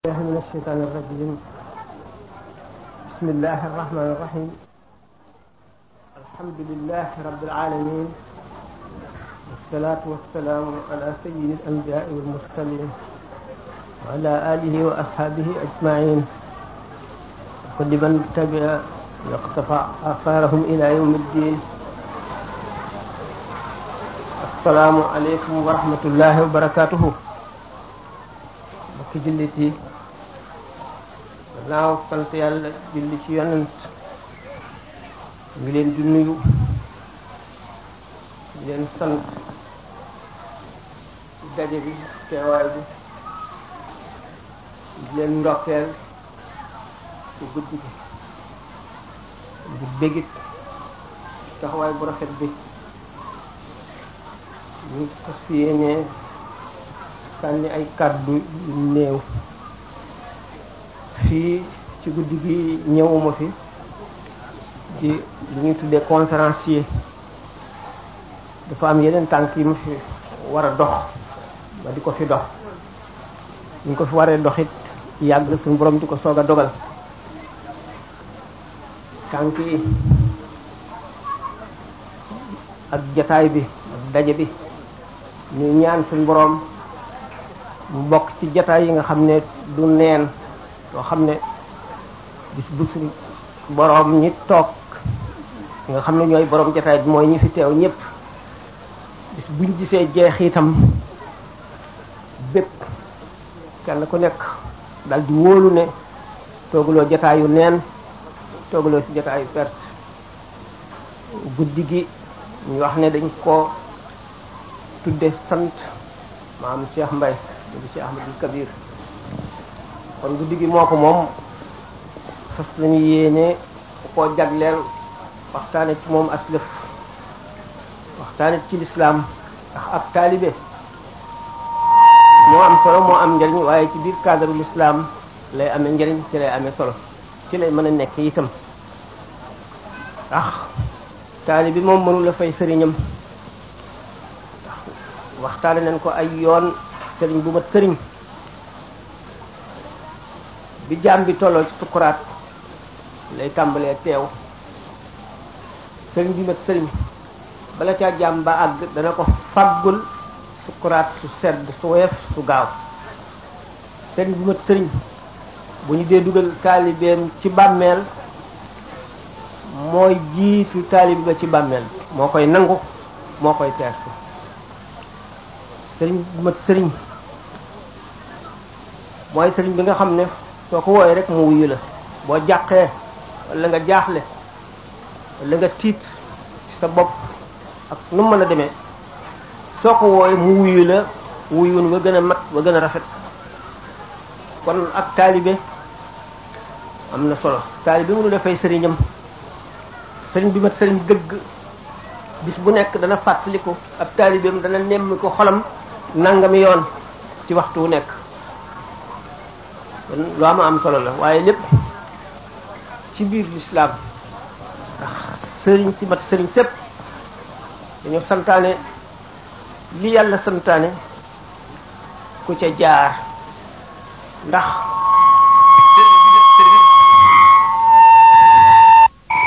الله من الشيطان الرجيم بسم الله الرحمن الرحيم الحمد لله رب العالمين والصلاة والسلام على سيد الأنبياء والمرسلين وعلى آله وأصحابه أجمعين وكل من اتبع واقتفى آثارهم إلى يوم الدين السلام عليكم ورحمة الله وبركاته mbokki jullit yi gannaaw sant yàlla julli ci yonent ngi leen di nuyu leen sant daje bi teewaay bi di leen ndokkeel ci guddi gi di bégit taxawaay bu rafet bi ñu fas yéenee sànni ay kàddu yu néew fii ci guddi gi ñëwuma fi di li ñuy tuddee conférencier dafa am yeneen tànk yi mu fi war a dox ba di ko fi dox ñu ko fi waree doxit it yàgg suñu boroom di ko soog a dogal tànk yi ak jataay bi ak daje bi ñu ñaan suñu borom mu bokk ci jataay yi nga xam ne du neen yoo xam ne bis bu su boroom ñi toog nga xam ne ñooy boroom jotaay bi mooy ñi fi teew ñëpp bis buñ gisee jeex itam bépp kenn ku nekk dal di wóolu ne toogaloo jotaayu neen toogaloo ci jotaayu perte guddi gi ñu wax ne dañ ko tudde sant maam Cheikh Mbaye di Cheikh Ahmadou Kabir kon gu gi moo ko moom fas nañu yéene koo jagleel waxtaane moom moom lëf waxtaane ci lislaam ndax ak taalibe moo am solo moo am njariñ waaye ci biir cadre lislaam lay amee njariñ ci lay amee solo ci lay mën a nekk itam ndax taalibe moom mënu la fay sëriñam ndax waxtaane nañ ko ay yoon sëriñ bu mat sëriñ bi jaam bi tolloo ci sukkuraat lay tàmbalee teew sëriñ bi nag sëriñ bala caa jaam ba àgg dana ko faggul sukkuraat su sedd su woyof su gaaw sëriñ bi nag sëriñ bu ñu dee dugal taalibeem ci bàmmeel mooy jiitu taalib ci bàmmeel moo koy nangu moo koy teertu sëriñ bu mat sëriñ mooy sëriñ bi nga xam ne soo ko wooyee rek mu wuyu la boo jàqee wala nga jaaxle wala nga tiit ci sa bopp ak nu mën a demee soo ko wooyee mu wuyu la wuyun wa gën a mat wa gën a rafet kon ak taalibe am na solo taalibe mënu dafay sëriñam sëriñ bi mat sëriñ dëgg bis bu nekk dana fàttaliku ab taalibeem dana nemmi ko xolam nangami yoon ci waxtu wu nekk kon lu am am solo la waaye lépp ci biir lislaam ndax sëriñ si mat sëriñ sépp dañoo santaane li yàlla santaane ku ca jaar ndax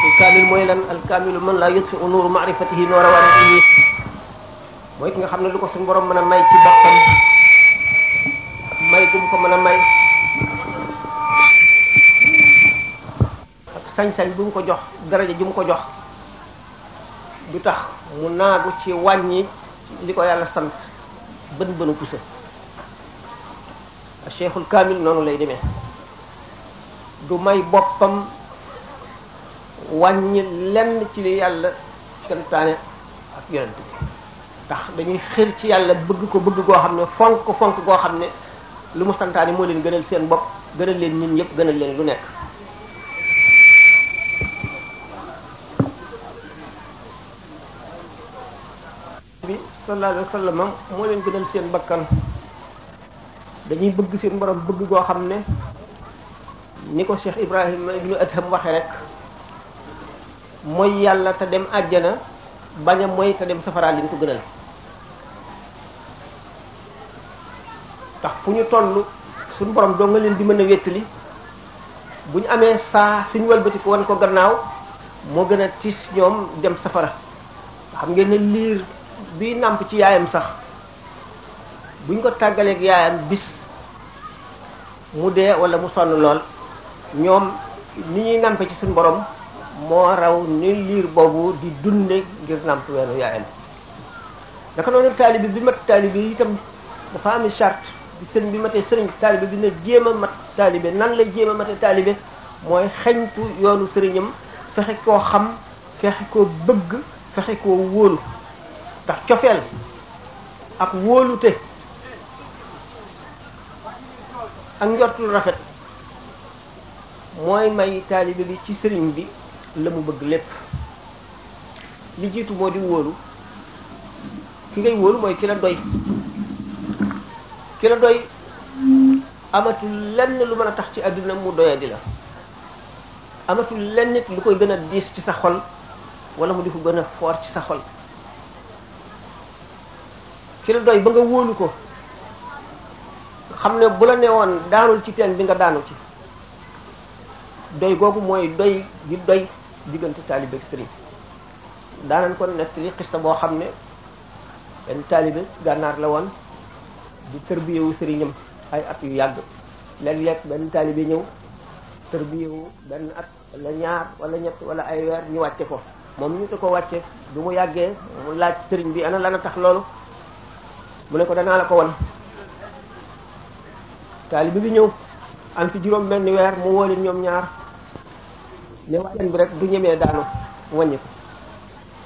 alkaamil mooy lan alkaamilu man laa yutfi u nuuru maarifatihi noora waarihi mooy ki nga xam ne lu ko suñu borom mën a may ci boppam may gum ko mën a may sañ-sañ bu mu ko jox daraja ju mu ko jox du tax mu naagu ci wàññi li ko yàlla sant bën bënu pousse cheikhul kaamil noonu lay demee du may boppam wàññi lenn ci li yàlla santaane ak yonent bi ndax dañuy xër ci yàlla bëgg ko bëgg goo xam ne fonk ko fonk goo xam ne lu mu santaane moo leen gënal seen bopp gënal leen ñun yëpp gënal leen lu nekk sallallahu alayhi wa moo leen gënal seen bakkan dañuy bëgg seen borom bëgg goo xam ne ni ko Cheikh Ibrahima ibnu Adham waxe rek mooy yàlla te dem àjjana bañ a mooy te dem safara li ko gënal tax fu ñu toll suñu borom doo nga leen di mën a wéttali bu ñu amee saa suñu walbati ko wan ko gannaaw moo gën a tiis ñoom dem safara xam ngeen liir bi nàmp ci yaayam sax buñ ko tàggaleeg yaayam bis mu dee wala mu sonn lool ñoom ni ñuy nàmpe ci suñu borom moo raw ni liir boobu di dunde ngir nàmp weenu yaayam naka noonu taalibi bi mat taalibi itam dafa ami charte bi sëriñ bi matee sëriñ taalibe bi na jéem a mat taalibe nan la jéem a mate taalibe mooy xeñtu yoonu sëriñam fexe koo xam fexe koo bëgg fexe koo wóolu ndax cofeel ak wóolute ak njortul rafet mooy may taalibe bi ci sëriñ bi la mu bëgg lépp li jiitu moo di wóolu ki ngay wóolu mooy ki la doy ki la doy amatul lenn lu mën a tax ci àdduna mu doyadi la amatul lenn nit lu koy gën a diis ci sa xol wala mu di ko gën a foor ci sa xol ki la doy ba nga wóolu ko xam ne bu la ne woon daanul ci teen bi nga daanu ci doy googu mooy doy di doy diggante taalibe ak sëriñ daanañ ko nettali xista boo xam ne benn taalibe gànnaar la woon di tërbiyewu sëriñam ay at yu yàgg léeg-léeg benn taalibe ñëw tërbiyewu benn at la ñaar wala ñett wala ay weer ñu wàcce ko moom ñu te ko wàcce du mu yàggee mu laaj sëriñ bi ana lan a tax loolu mu ne ko danaa la ko wan taalibe bi ñëw am fi juróom benn weer mu woo leen ñoom ñaar ne waa teen bi rek du ñemee daanu wàññi ko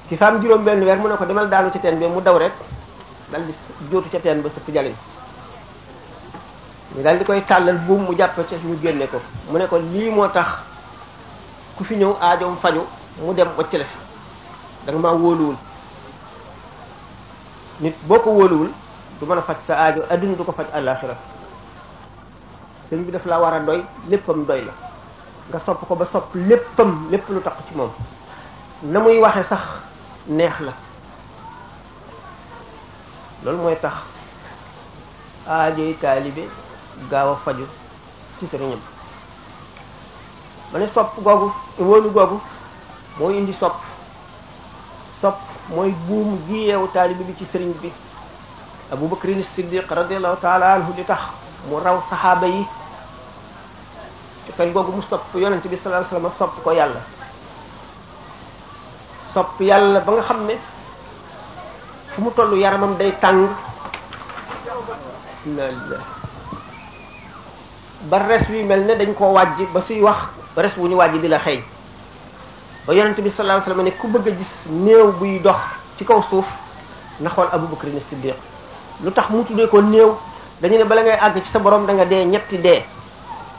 ki faam juróom benn weer mu ne ko demal daanu ci teen bi mu daw rek dal di jóotu ca teen ba sëpp jaliñ ñu dal di koy tàllal buum mu jàpp ca ñu génne ko mu ne ko lii moo tax ku fi ñëw aajoom faju mu dem wacc la fi danga maa wóoluwul nit boo ko wóoluwul du mën a faj sa ajo adduna du ko faj àllaaxira sëñ bi daf laa war a doy léppam doy la nga sopp ko ba sopp léppam lépp lu tax ci moom na muy waxe sax neex la loolu mooy tax aajoy taalibe gaaw a faju ci sëriñam ma ne sopp googu wóolu googu mooy indi sopp sopp mooy buum gi yeewu taalibe bi ci sëriñ bi Abu Bakrin Siddiq radiyallahu taala anhu li tax mu raw saxaaba yi cofeel googu mu sopp yonent bi sallallahu alayhi wasallam sopp ko yàlla sopp yàlla ba nga xam ne fu mu tollu yaramam day tàng ba res wi mel ne dañ koo wàjj ba suy wax res wu ñu wàjj di la xeeñ ba yonent bi sallallahu alayhi wasallam ne ku bëgg a gis néew buy dox ci kaw suuf na xool Abu Bakrin Siddiq lu tax mu tuddee ko néew dañu ne bala ngay àgg ci sa borom da nga dee ñetti dee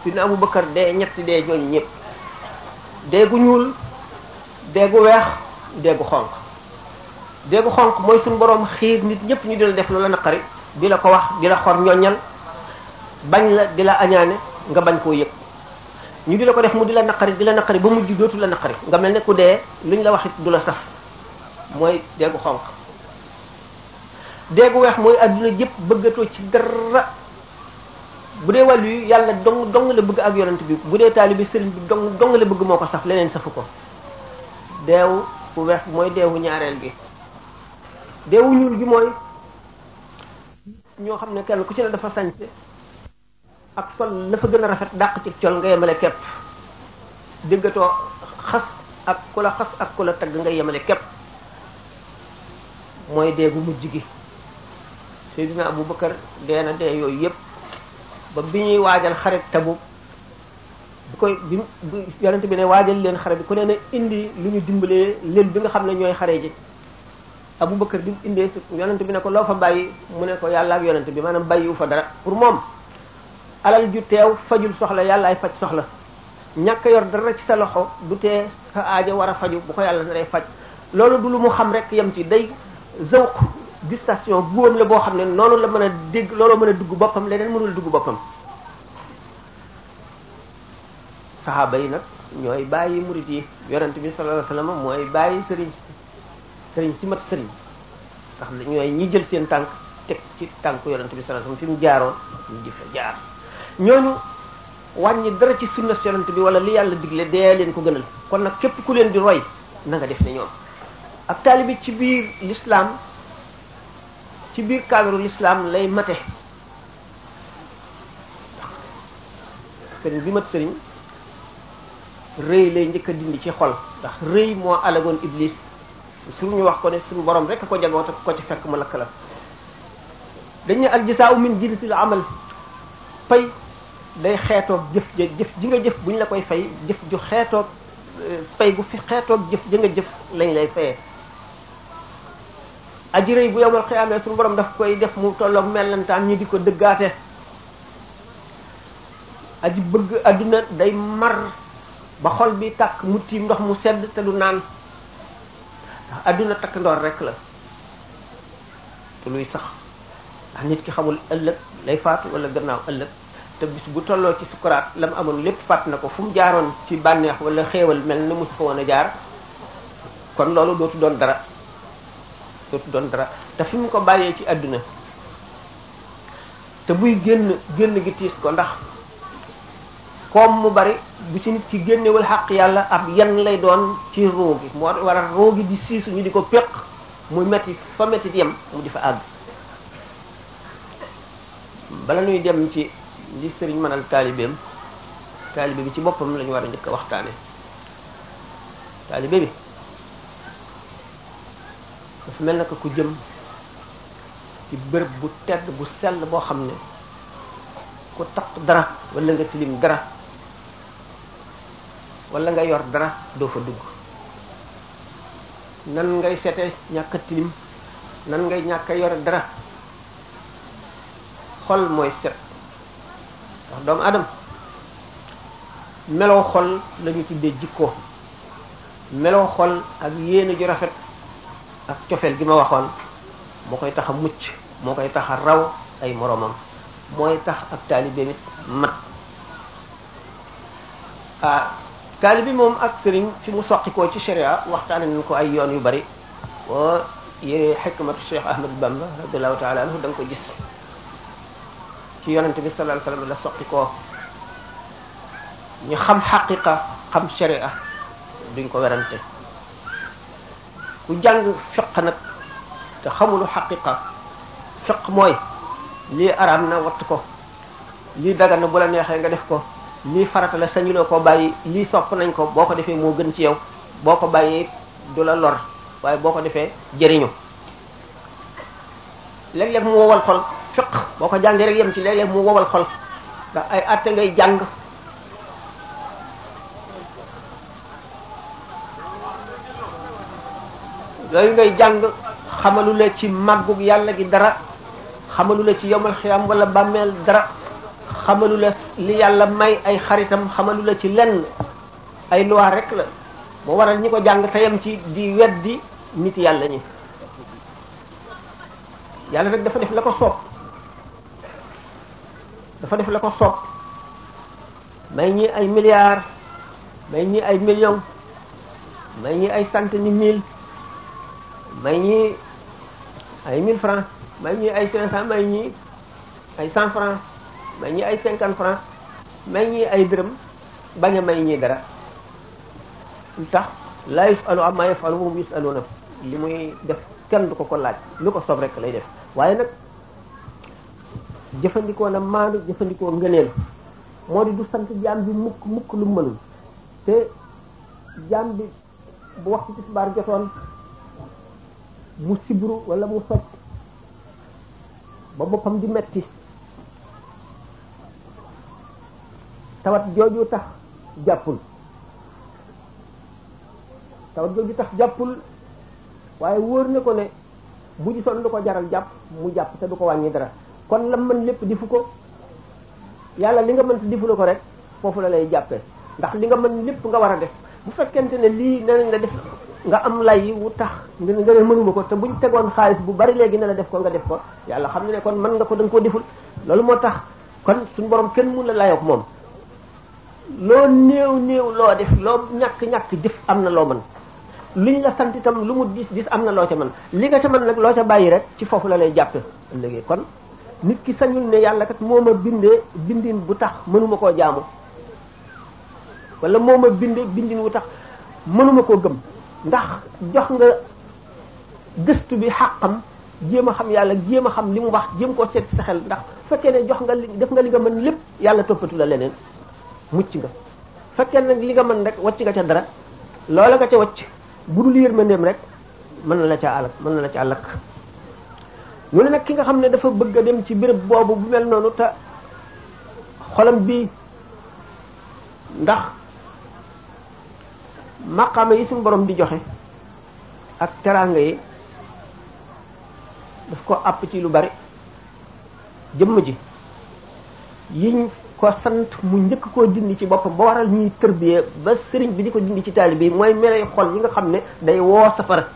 sidna Abu Bakar dee ñetti dee ñooñu ñëpp dee gu ñuul dee gu weex dee gu xonq dee gu xonq mooy suñu borom xiir nit ñëpp ñu di la def lu la naqari di la ko wax di la xor ñoññal bañ la di la añaane nga bañ koo yëg ñu di la ko def mu di la naqari di la naqari ba mujj dootu la naqari nga mel ne ku dee luñ la wax it du la saf mooy dee gu xonq dégg weex mooy adduna jëpp bëggatoo ci dara bu dee wàllu yu yàlla dong dong la bëgg ak yonent bi bu dee taalibi sëriñ bi dong dong la bëgg moo ko saf leneen safu ko deewu bu weex mooy deewu ñaareel gi deewu ñuul gi mooy ñoo xam ne kenn ku ci ne dafa sañse ak sol la gën a rafet dàq ci col nga yemale képp déggatoo xas ak ku la xas ak ku la tagg nga yemale képp mooy deegu mujj gi Seydina Abubakar dee na dee yooyu yëpp ba bi ñuy waajal xare Tabuk bi koy bi yonent bi ne waajal leen xare bi ku ne na indi lu ñu dimbalee leen bi nga xam ne ñooy xare ji Abubakar bi mu indee yonent bi ne ko loo fa bàyyi mu ne ko yàlla ak yonent bi maanaam bàyyiwu fa dara pour moom alal ju teew fajul soxla yàllaay faj soxla ñàkk yor dara ci sa loxo du tee sa aajo war a faju bu ko yàlla na day faj loolu du lu mu xam rek yem ci day zawq bu buum la boo xam ne noonu la mën a dégg looloo mën a dugg boppam leneen mënul dugg boppam saxaaba yi nag ñooy bàyyi murit yi yonent bi sallallahu alayhi wasallam mooy bàyyi sëriñ sëriñ ci mat sëriñ ndax ñooy ñi jël seen tànk teg ci tànk yonent bi sallallahu alayhi wasallam fi mu jaaroon ñu di fa jaar ñooñu wàññi dara ci sunna yonent bi wala li yàlla digle dee leen ko gënal kon nag képp ku leen di roy na def ne ñoom ab taalibi ci biir l'islam ci biir cadre l'islam lay mate sëriñ bi mat sëriñ rëy lay njëkk dindi ci xol ndax rëy moo alagoon iblis suñu wax ko ne suñu borom rek ko jagoo te ko ci fekk mu lakk la dañ ne aljisaa'u min jinsil amal pay day xeetoog jëf jëf ji nga jëf bu ñu la koy fay jëf ju xeetoog pay euh, gu fi xeetoog jëf ji nga jëf lañ lay fayee aji rëy bu yowmal xiyaamee suñu borom daf koy def mu tolloog mellantaan ñi di ko dëggaate aji bëgg adduna day mar ba xol bi takk mu ndox mu sedd te naan ndax takk ndoor rek la te sax nit ki xamul ëllëg lay faatu wala gannaaw ëllëg te bis bu tolloo ci sukuraat la mu lépp fàtt na ko fu mu jaaroon ci bànneex wala xéewal mel ni mosu fa woon a jaar kon loolu dootu doon dara dootu doon dara te fi mu ko bàyyee ci àdduna te buy génn génn gi tiis ko ndax koom mu bari bu ci nit ci génnewul xaq yàlla ab yan lay doon ci roogi moo wala roogi di siisu ñu di ko péq muy metti fa metti yem mu di fa àgg bala nuy dem ci li sëriñ mënal taalibeem taalibe bi ci boppam la war a njëkk a waxtaane taalibe bi dafa mel naka ku jëm ci bërëb bu tedd bu sell boo xam ne ku taq dara walla nga tilim dara wala nga yor dara doo fa dugg nan ngay sete ñàkk tilim nan ngay ñàkk yore dara xol mooy set ndax doomu adam meloo xol lañu tuddee jikko meloo xol ak yéene ju rafet ak cofeel gi ma waxoon moo koy tax a mucc moo koy tax a raw ay moroomam mooy tax ak taalibeem it mat ah taalibi moom ak sëriñ ci mu soqikoo ci sharia waxtaane nañ ko ay yoon yu bari oo yee xikmatu Cheikh Ahmad Bamba radiallahu taala anhu da nga ko gis ci yonente bi sallallahu alayhi la soqikoo ñu xam xaqiqa xam sharia duñ ko werante ku jàng fiq nag te xamulu xaqiqa fiq mooy lii araam na watt ko lii dagan na bu la neexee nga def ko lii farata sañuloo ko bàyyi lii sopp nañ ko boo ko defee moo gën ci yow boo ko bàyyee du la lor waaye boo ko defee jëriñu léeg-léeg mu wowal xol fiq boo ko jàngee rek yem ci léeg-léeg mu wowal xol ndax ay atte ngay jàng yooyu ngay jàng xamalu la ci màggug yàlla gi dara xamalu la ci yomal xiyam walla bàmmeel dara xamalu la li yàlla may ay xaritam xamalu ci lenn ay loi rek la moo waral ñi ko jàng teyam ci di weddi nit yàlla ñi yàlla rek dafa def la ko soob dafa def la ko soob may ñi ay milliards may ñi ay million may ñi ay centaines de mille may ñi ay 1000 francs may ñi ay 500 may ñi ay 100 francs may ñi ay 50 francs may ñi ay dërëm bañ a may ñi dara lu tax la yusalu amma yafalu hum yusaluna li muy def kenn du ko ko laaj lu ko soob rek lay def waaye nag jëfandikoo na maanu jëfandikoo ngëneel moo di du sant jaam bi mukk mukk lu mënul te jaam bi bu waxtu tisbaar jotoon mu sibru wala mu soj ba boppam di metti tawat jooju tax jàppul tawat jooju tax jàppul waaye wóor na ko ne bu gisoon lu ko jaral jàpp mu jàpp te du ko wàññi dara kon lam man lépp difu ko yàlla li nga mën difu la ko rek foofu la lay jàppee ndax li nga mën lépp nga war a def bu fekkente ne lii nee la def nga am lay yi wu tax nga ne mënuma ko te bu ñu tegoon xaalis bu bari léegi ne la def ko nga def ko yàlla xam ne ne kon man nga ko da nga koo deful loolu moo tax kon suñu boroom kenn mun la layoog moom loo néew néew loo def loo ñàkk-ñàkk jëf am na loo li liñ la sant itam lu mu dis dis am na loo ca mën li nga ca mën nag loo ca bàyyi rek ci foofu la lay jàppe léegi kon nit ki sañul ne yàlla kat moo ma bindee bindin bu tax mënuma koo jaamu wala moo ma bindee bindin bu tax mënuma koo gëm ndax jox nga gëstu bi xàqam jéem a xam yàlla jéem a xam li mu wax jéem koo seet sa xel ndax fekkee ne jox nga li def nga li nga mën lépp yàlla toppatu la leneen mucc nga fekkee nag li nga mën rek wacc nga ca dara loola nga ca wacc bu dul yërmandeem rek mën na la ca alak mën na la ca alak ñu ne nag ki nga xam ne dafa bëgg a dem ci béréb boobu bu mel noonu te xolam bi ndax maqaama yi suñu boroom di joxe ak teraanga yi daf ko àpp ci lu bari jëmm ji yiñ ko sant mu njëkk koo dindi ci boppam ba waral ñuy tërbiyee ba sëriñ bi di ko dindi ci taalibe bii mooy melay xol yi nga xam ne day woo safara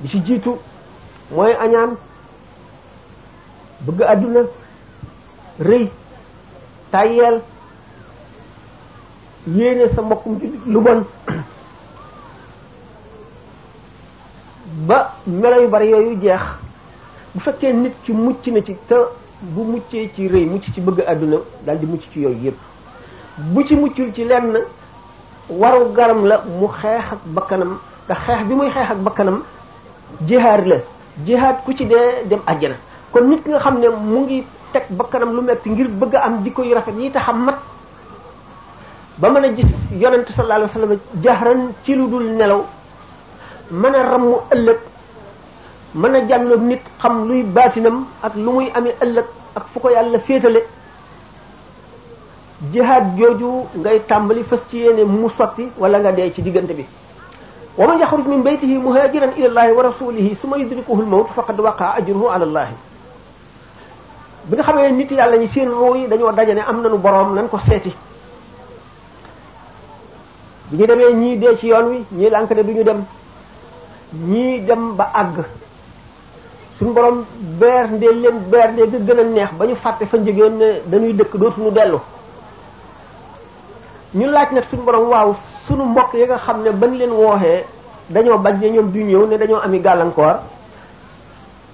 bi ci jiitu mooy añaan bëgg àdduna rëy tàyyeel yéene sa mbokkum jullit lu bon ba melo yu bari yooyu jeex bu fekkee nit ci mucc na ci te bu muccee ci rëy mucc ci bëgg àdduna daal di mucc ci yooyu yépp bu ci muccul ci lenn waru garam la mu xeex ak bakkanam te xeex bi muy xeex ak bakkanam jihaad la jihaad ku ci dee dem àjjana kon nit ki nga xam ne mu ngi teg bakkanam lu metti ngir bëgg am jikko yu rafet yi te a mat ba mën a ji yonent sallallahu alayhi wasallam jaxran ci lu dul nelaw mën a ramm ëllëg mën na jànloog nit xam luy baatinam ak lu muy amee ëllëg ak fu ko yàlla féetale jihaad jooju ngay tàmbali fas ci yéene mu sotti wala nga dee ci diggante bi wa man yaxruj min baytihi muhajiran ila llahi wa rasulihi suma yudrikuhu lmawt faqad waqaa ajruhu ala llahi bi xam xamee nit yàlla ñi seen ruu yi dañoo dajane am na nañu boroom nan ko seeti bi ñu demee ñii dee ci yoon wi ñii lànk ne du ñu dem ñii dem ba àgg suñu borom bernde leen bernde ga gën a neex ba ñu fàtte fa njëgeen ne dañuy dëkk dootuñu dellu ñu laaj nag suñu borom waaw suñu mbokk yi nga xam ne bañ leen wooxee dañoo bañ ne ñoom du ñëw ne dañoo ami gàllankoor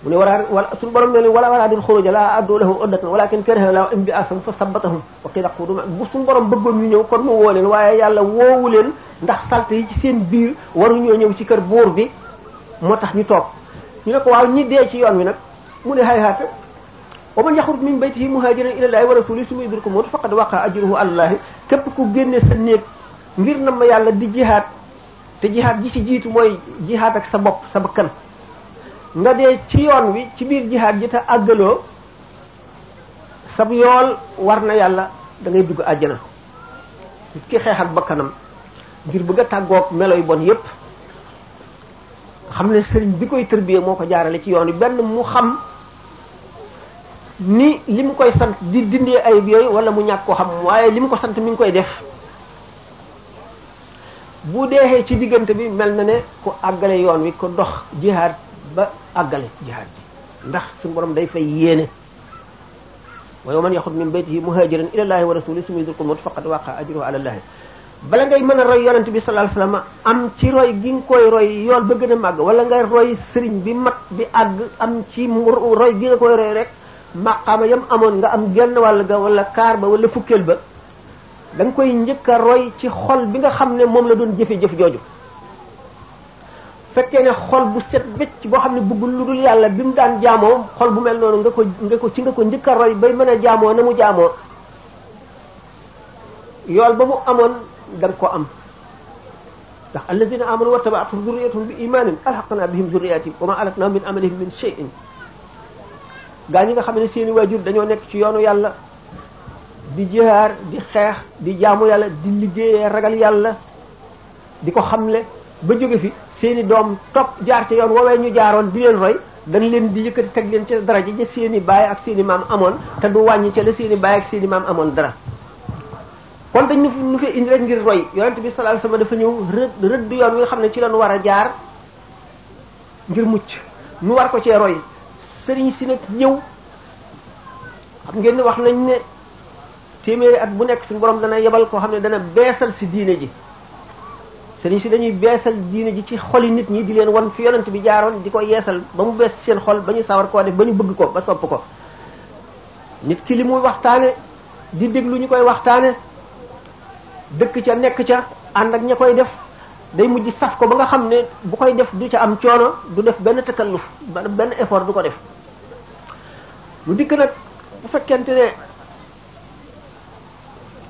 mu ne wala wala suñu borom ne wala wala din la addu lahu uddatan walakin kariha la imbi asam fa sabatahum wa qila quduma bu suñu borom bëggoon ñu ñëw kon mu woo leen waaye yàlla leen ndax salte yi ci seen biir waruñoo ñëw ci kër buur bi moo tax ñu toog ñu ne ko ñi dee ci yoon wi nag mu ne hayhaata wa man yaxrut min baytihi muhajiran ila llahi wa rasuli suma yudriku mawt faqad waqa ajruhu alallahi képp ku génne sa néeg ngir na ma yàlla di jihaat te jihaat ji ci jiitu mooy jihaat ak sa bopp sa bakkan nga dee ci yoon wi ci biir jihaad ji te àggaloo sab yool war na yàlla dangay dugg àjjana nit ki xeex ak bakkanam ngir bëgg a tàggoog melo yu bon yépp xam ne sëriñ bi koy tërbiyee moo ko jaarale ci yoon wi benn mu xam ni li mu koy sant di dindee ayib yooyu wala mu ñàkk ko xam waaye li mu ko sant mu ngi koy def bu deexee ci diggante bi mel na ne ku àggale yoon wi ku dox jihaad ba àggale jihaad ji ndax suñu borom day fay yéene wa yow man yaxud min baytihi mu ila llahi wa rasuli suma yudrikul mawt faqad waqa ajruhu ala llahi bala ngay mën a roy yonent bi sallallahu alayhi wa sallam am ci roy gi nga a màgg wala ngay roy sëriñ bi mat bi àgg am ci roy gi nga koy roy rek maqaama yam amoon nga am genn wàll ga wala kaar ba wala fukkeel ba da koy njëkk roy ci xol bi nga xam ne moom la doon jëfe jëf jooju fekkee ne xol bu set boo xam ne bëggul lu dul yàlla bi mu daan jaamoo xol bu mel noonu nga ko nga ko nga ko njëkk a roy bay mën a jaamoo na mu jaamoo yool ba mu amoon da nga ko am ndax alladina amanu wa tabaatuhum zurriyatuhum bi imanin alhaqna bihim zurriyatihim wa ma alatnahum min amalihim min shay'in gaa ñi nga xam ne seeni waajur dañoo nekk ci yoonu yàlla di jihaar di xeex di jaamu yàlla di liggéeyee ragal yàlla di ko xamle ba jóge fi seeni doom topp jaar ci yoon woowee ñu jaaroon di leen roy dañ leen di yëkkati teg leen ca dara ji ja seeni baay ak seeni maam amoon te du wàññi ca la seeni baay ak seeni maam amoon dara kon dañ nu fi indi rek ngir roy yonent bi sallallahu alayhi dafa ñëw rëdd rëdd yoon wi nga xam ne ci lañu war a jaar ngir mucc nu war ko cee roy sëriñ si nag ñëw xam ngeen ni wax nañ ne téeméeri at bu nekk suñu borom dana yebal koo xam ne dana beesal si diine ji sëriñ si dañuy beesal diine ji ci xoli nit ñi di leen wan fi yonent bi jaaroon di ko yeesal ba mu bees seen xol ba ñu sawar koo def ba ñu bëgg ko ba sopp ko nit ki li muy waxtaane di déglu ñu koy waxtaane dëkk ca nekk ca ànd ak ña koy def day mujj saf ko ba nga xam ne bu koy def du ca am coono du def benn ba benn effort du ko def lu dikk nag bu fekkente ne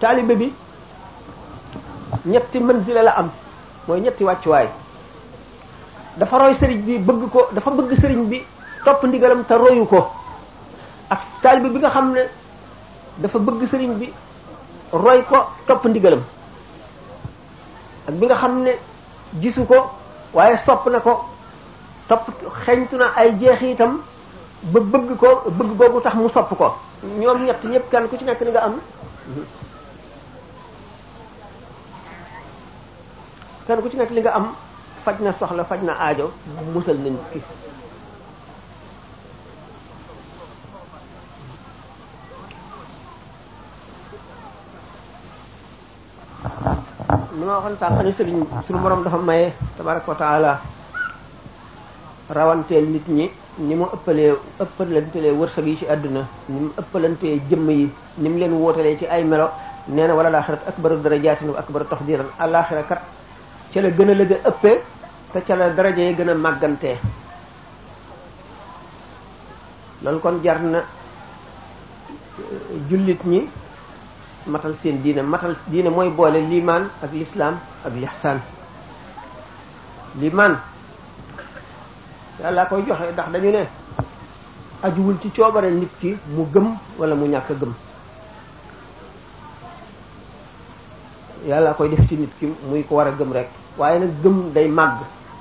taalibe bi ñetti manzila la am mooy ñetti wàccuwaay dafa roy sëriñ bi bëgg ko dafa bëgg sëriñ bi topp ndigalam te royu ko ak taalibe bi nga xam ne dafa bëgg sëriñ bi roy ko topp ndigalam ak bi nga xam ne gisu ko waaye sopp na ko topp xeñtu na ay jeexiitam ba bëgg ko bëgg googu tax mu sopp ko ñoom ñett ñëpp kenn ku ci nekk ni nga am kenn ku ci nekk li nga am faj na soxla faj na aajo musal nañ ci li ma waxoon borom dafa maye tabaraka wa taala nit ñi ni mu ëppalee ëppalantelee wërsëg yi ci àdduna ni mu ëppalantee jëmm yi ni mu leen wootalee ci ay melo nee na wala laaxirat akbaru darajaatin wa ak taqdiran àllaaxira kat ca la gën a lëga ëppee te ca la daraja yi gën a màggante loolu kon jar na euh, jullit ñi matal seen diine matal diine mooy boole limaan ak lislaam ak lihsaan limaan yàlla koy joxe ndax dañu ne ajuwul ci coobare nit ki mu gëm wala mu ñàkk a gëm yàlla koy def ci nit ki muy ko war a gëm rek waaye nag gëm day màgg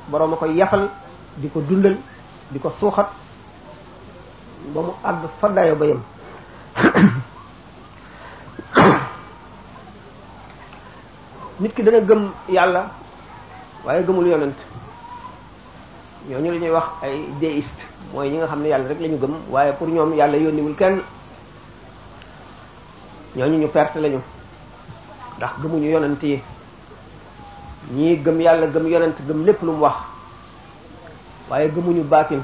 boroom a koy yafal di ko dundal di ko suuxat ba mu àgg fa ba yem nit ki dana gëm yàlla waaye gëmul yonent ñooñu la ñuy wax ay déiste mooy ñi nga xam ne yàlla rek lañu ñu gëm waaye pour ñoom yàlla yónniwul kenn ñooñu ñu perte lañu ndax gëmuñu yonent yi ñii gëm yàlla gëm yonent gëm lépp lu mu wax waaye gëmuñu baatin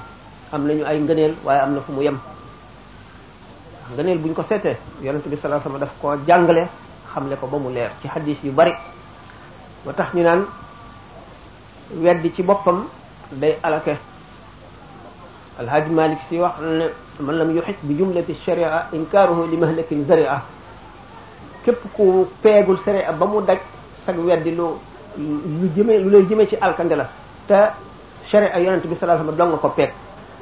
am nañu ay ngëneel waaye am na fu mu yem ngëneel buñ ko seetee yonent bi sallallahu alayhi wasallam daf koo jàngale ne ko ba mu leer ci xadis yu bari ba tax ñu naan weddi ci boppam day alake alhaaj malik si wax ne man lam yuhit bi jumlati sharia inkaaruhu li mahlakin zaria képp ku peegul sere ba mu daj sag weddi lu lu jëme lu lay jëme ci alkande la te sharia yonent bi sallallahu alayhi wasallam dong ko peeg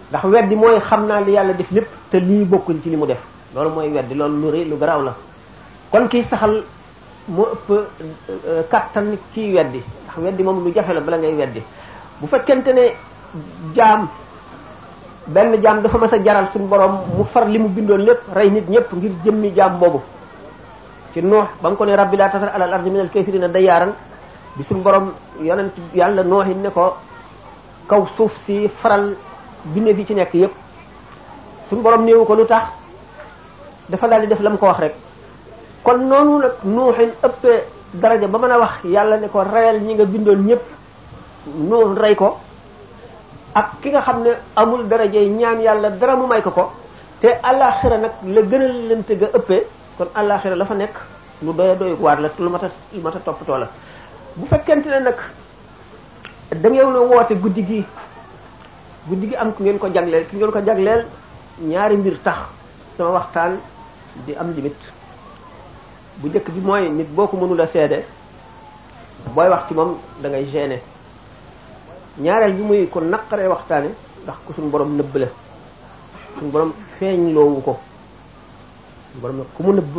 ndax weddi mooy xam naa li yàlla def lépp te lii bokkul ci li mu def loolu mooy weddi loolu lu rëy lu garaaw la kon kiy saxal mu ëpp euh, kattan kiy weddi ndax weddi moom lu jafe la bala ngay weddi bu fekkente ne jaam benn jaam dafa mas a jaral suñu borom mu far li mu bindoon lépp rey nit ñëpp ngir jëmmi jaam boobu ci noox ba mu ko ne rabbi laa tasar alal ardi minal kaafiriina dayyaaran bi suñu borom yonent yàlla nooxin ne ko kaw suuf si faral bindee fi ci nekk yépp suñu borom néewu ko lu tax dafa daal def la mu ko wax rek kon noonu nag nuuxin ëppee daraja ba mën a wax yàlla ne ko reyal ñi nga bindoon ñépp noonu rey ko ak ki nga xam ne amul daraja ñaan yàlla dara mu may ko ko te àllaaxira nag la gën ga ëppee kon àllaaxira la fa nekk lu doya doy waar la lu ma a lu mat a toppatoo la bu fekkente ne nag da ngeen woote guddi gi guddi gi am ku ngeen ko jagleel ki ngeen ko jagleel ñaari mbir tax sama waxtaan di am limite bu njëkk bi mooy nit boo ko mënul a seede booy wax ci moom dangay ngay gêner ñaareel bi muy ko naqaree waxtaane ndax ku suñu borom nëbb la suñu borom feeñ loowu ko borom nag ku mu nëbb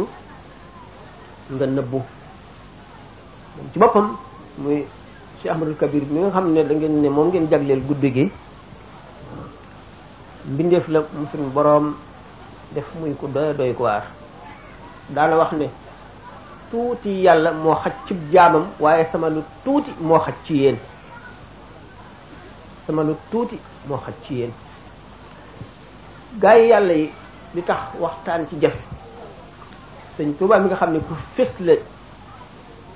nga nëbbu moom ci boppam muy Cheikh Ahmadul Kabir mi nga xam ne dangeen ngeen ne moom ngeen jagleel guddi gi mbindeef la mu suñu boroom def muy ko doy doy ko waar daana wax ne tuuti yàlla moo xaj ci jaamam waaye sama lu tuuti moo xaj ci yéen sama lu tuuti moo xaj ci yéen gaa yi yàlla yi li tax waxtaan ci jafe sëñ Tuubaa mi nga xam ne ku fés la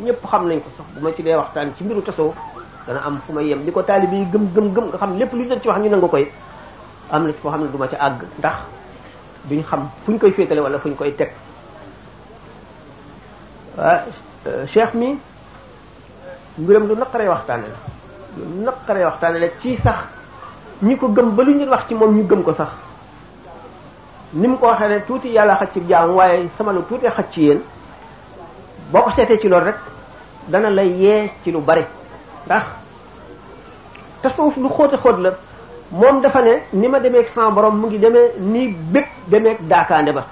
ñëpp xam nañ ko sax bu ma ci dee waxtaan ci mbiru tasawuf dana am fu ma yem li ko taalibe yi gëm gëm gëm nga xam lépp lu ñu ci wax ñu nangu koy am na ci foo xam ne duma ci àgg ndax duñ xam fu ñu koy féetale wala fu ñu koy teg waa ah, mi mbiram lu naqaree waxtaane la lu naqaree waxtaane la ci sax ñi ko gëm ba lu ñu wax ci moom ñu gëm ko sax ni mu ko waxee tuuti yàlla xaj ci jaamu waaye sama lu tuuti xaj ci yéen boo ko seetee ci loolu rek dana la yee ci lu bari ndax tasawuf lu xóote xóot la moom dafa ne ni ma demeek sama boroom mu ngi demee nii bépp demeek daakaande ba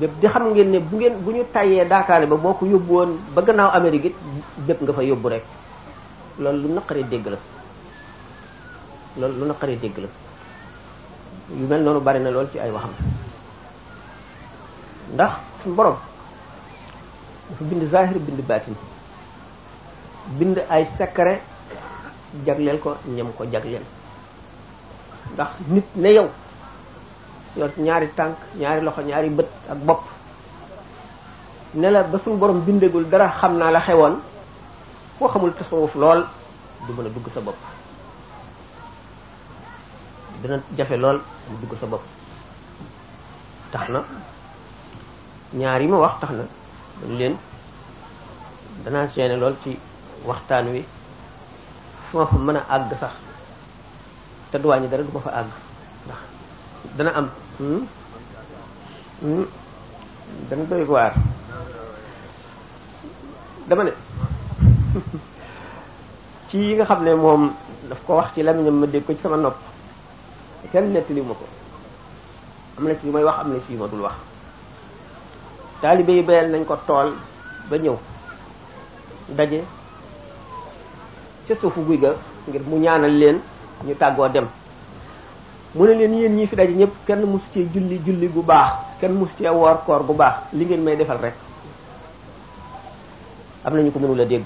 bépp di xam ngeen ne bu ngeen bu ñu tàyyee daakaande ba boo ko yóbbu woon ba gannaaw Amérique it bépp nga fa yóbbu rek loolu lu naqaree dégg la loolu lu naqaree dégg la yu mel noonu bari na loolu ci ay waxam ndax suñu borom dafa bind zahir bind baatin bind ay secret jagleel ko ñam ko jagleel ndax nit ne yow yor ñaari tànk ñaari loxo ñaari bët ak bopp ne la ba suñu borom bindagul dara xam naa la xewoon foo xamul tasawuf lool du mën a dugg sa bopp dina jafe lool mu dugg sa bopp tax na ñaar yi ma wax tax na leen danaa seene lool ci waxtaan wi foo mën a àgg sax te yi dara du ma fa àgg ndax dana am hmm? Hmm? dana doy waar dama ne ci yi nga xam ne moom daf ko wax ci lamiñam ma dégg ko ci sama nopp kenn nettali ma ko am na ci yu may wax am na ci yu ma dul wax taalibe yi bayal nañ ko tool ba ñëw daje ca suufu guy ga ngir mu ñaanal leen ñu tàggoo dem mu ne leen yéen ñi fi daje ñëpp kenn mus cee julli julli gu baax kenn mus cee woor koor gu baax li ngeen may defal rek am na ñu ko mënul a dégg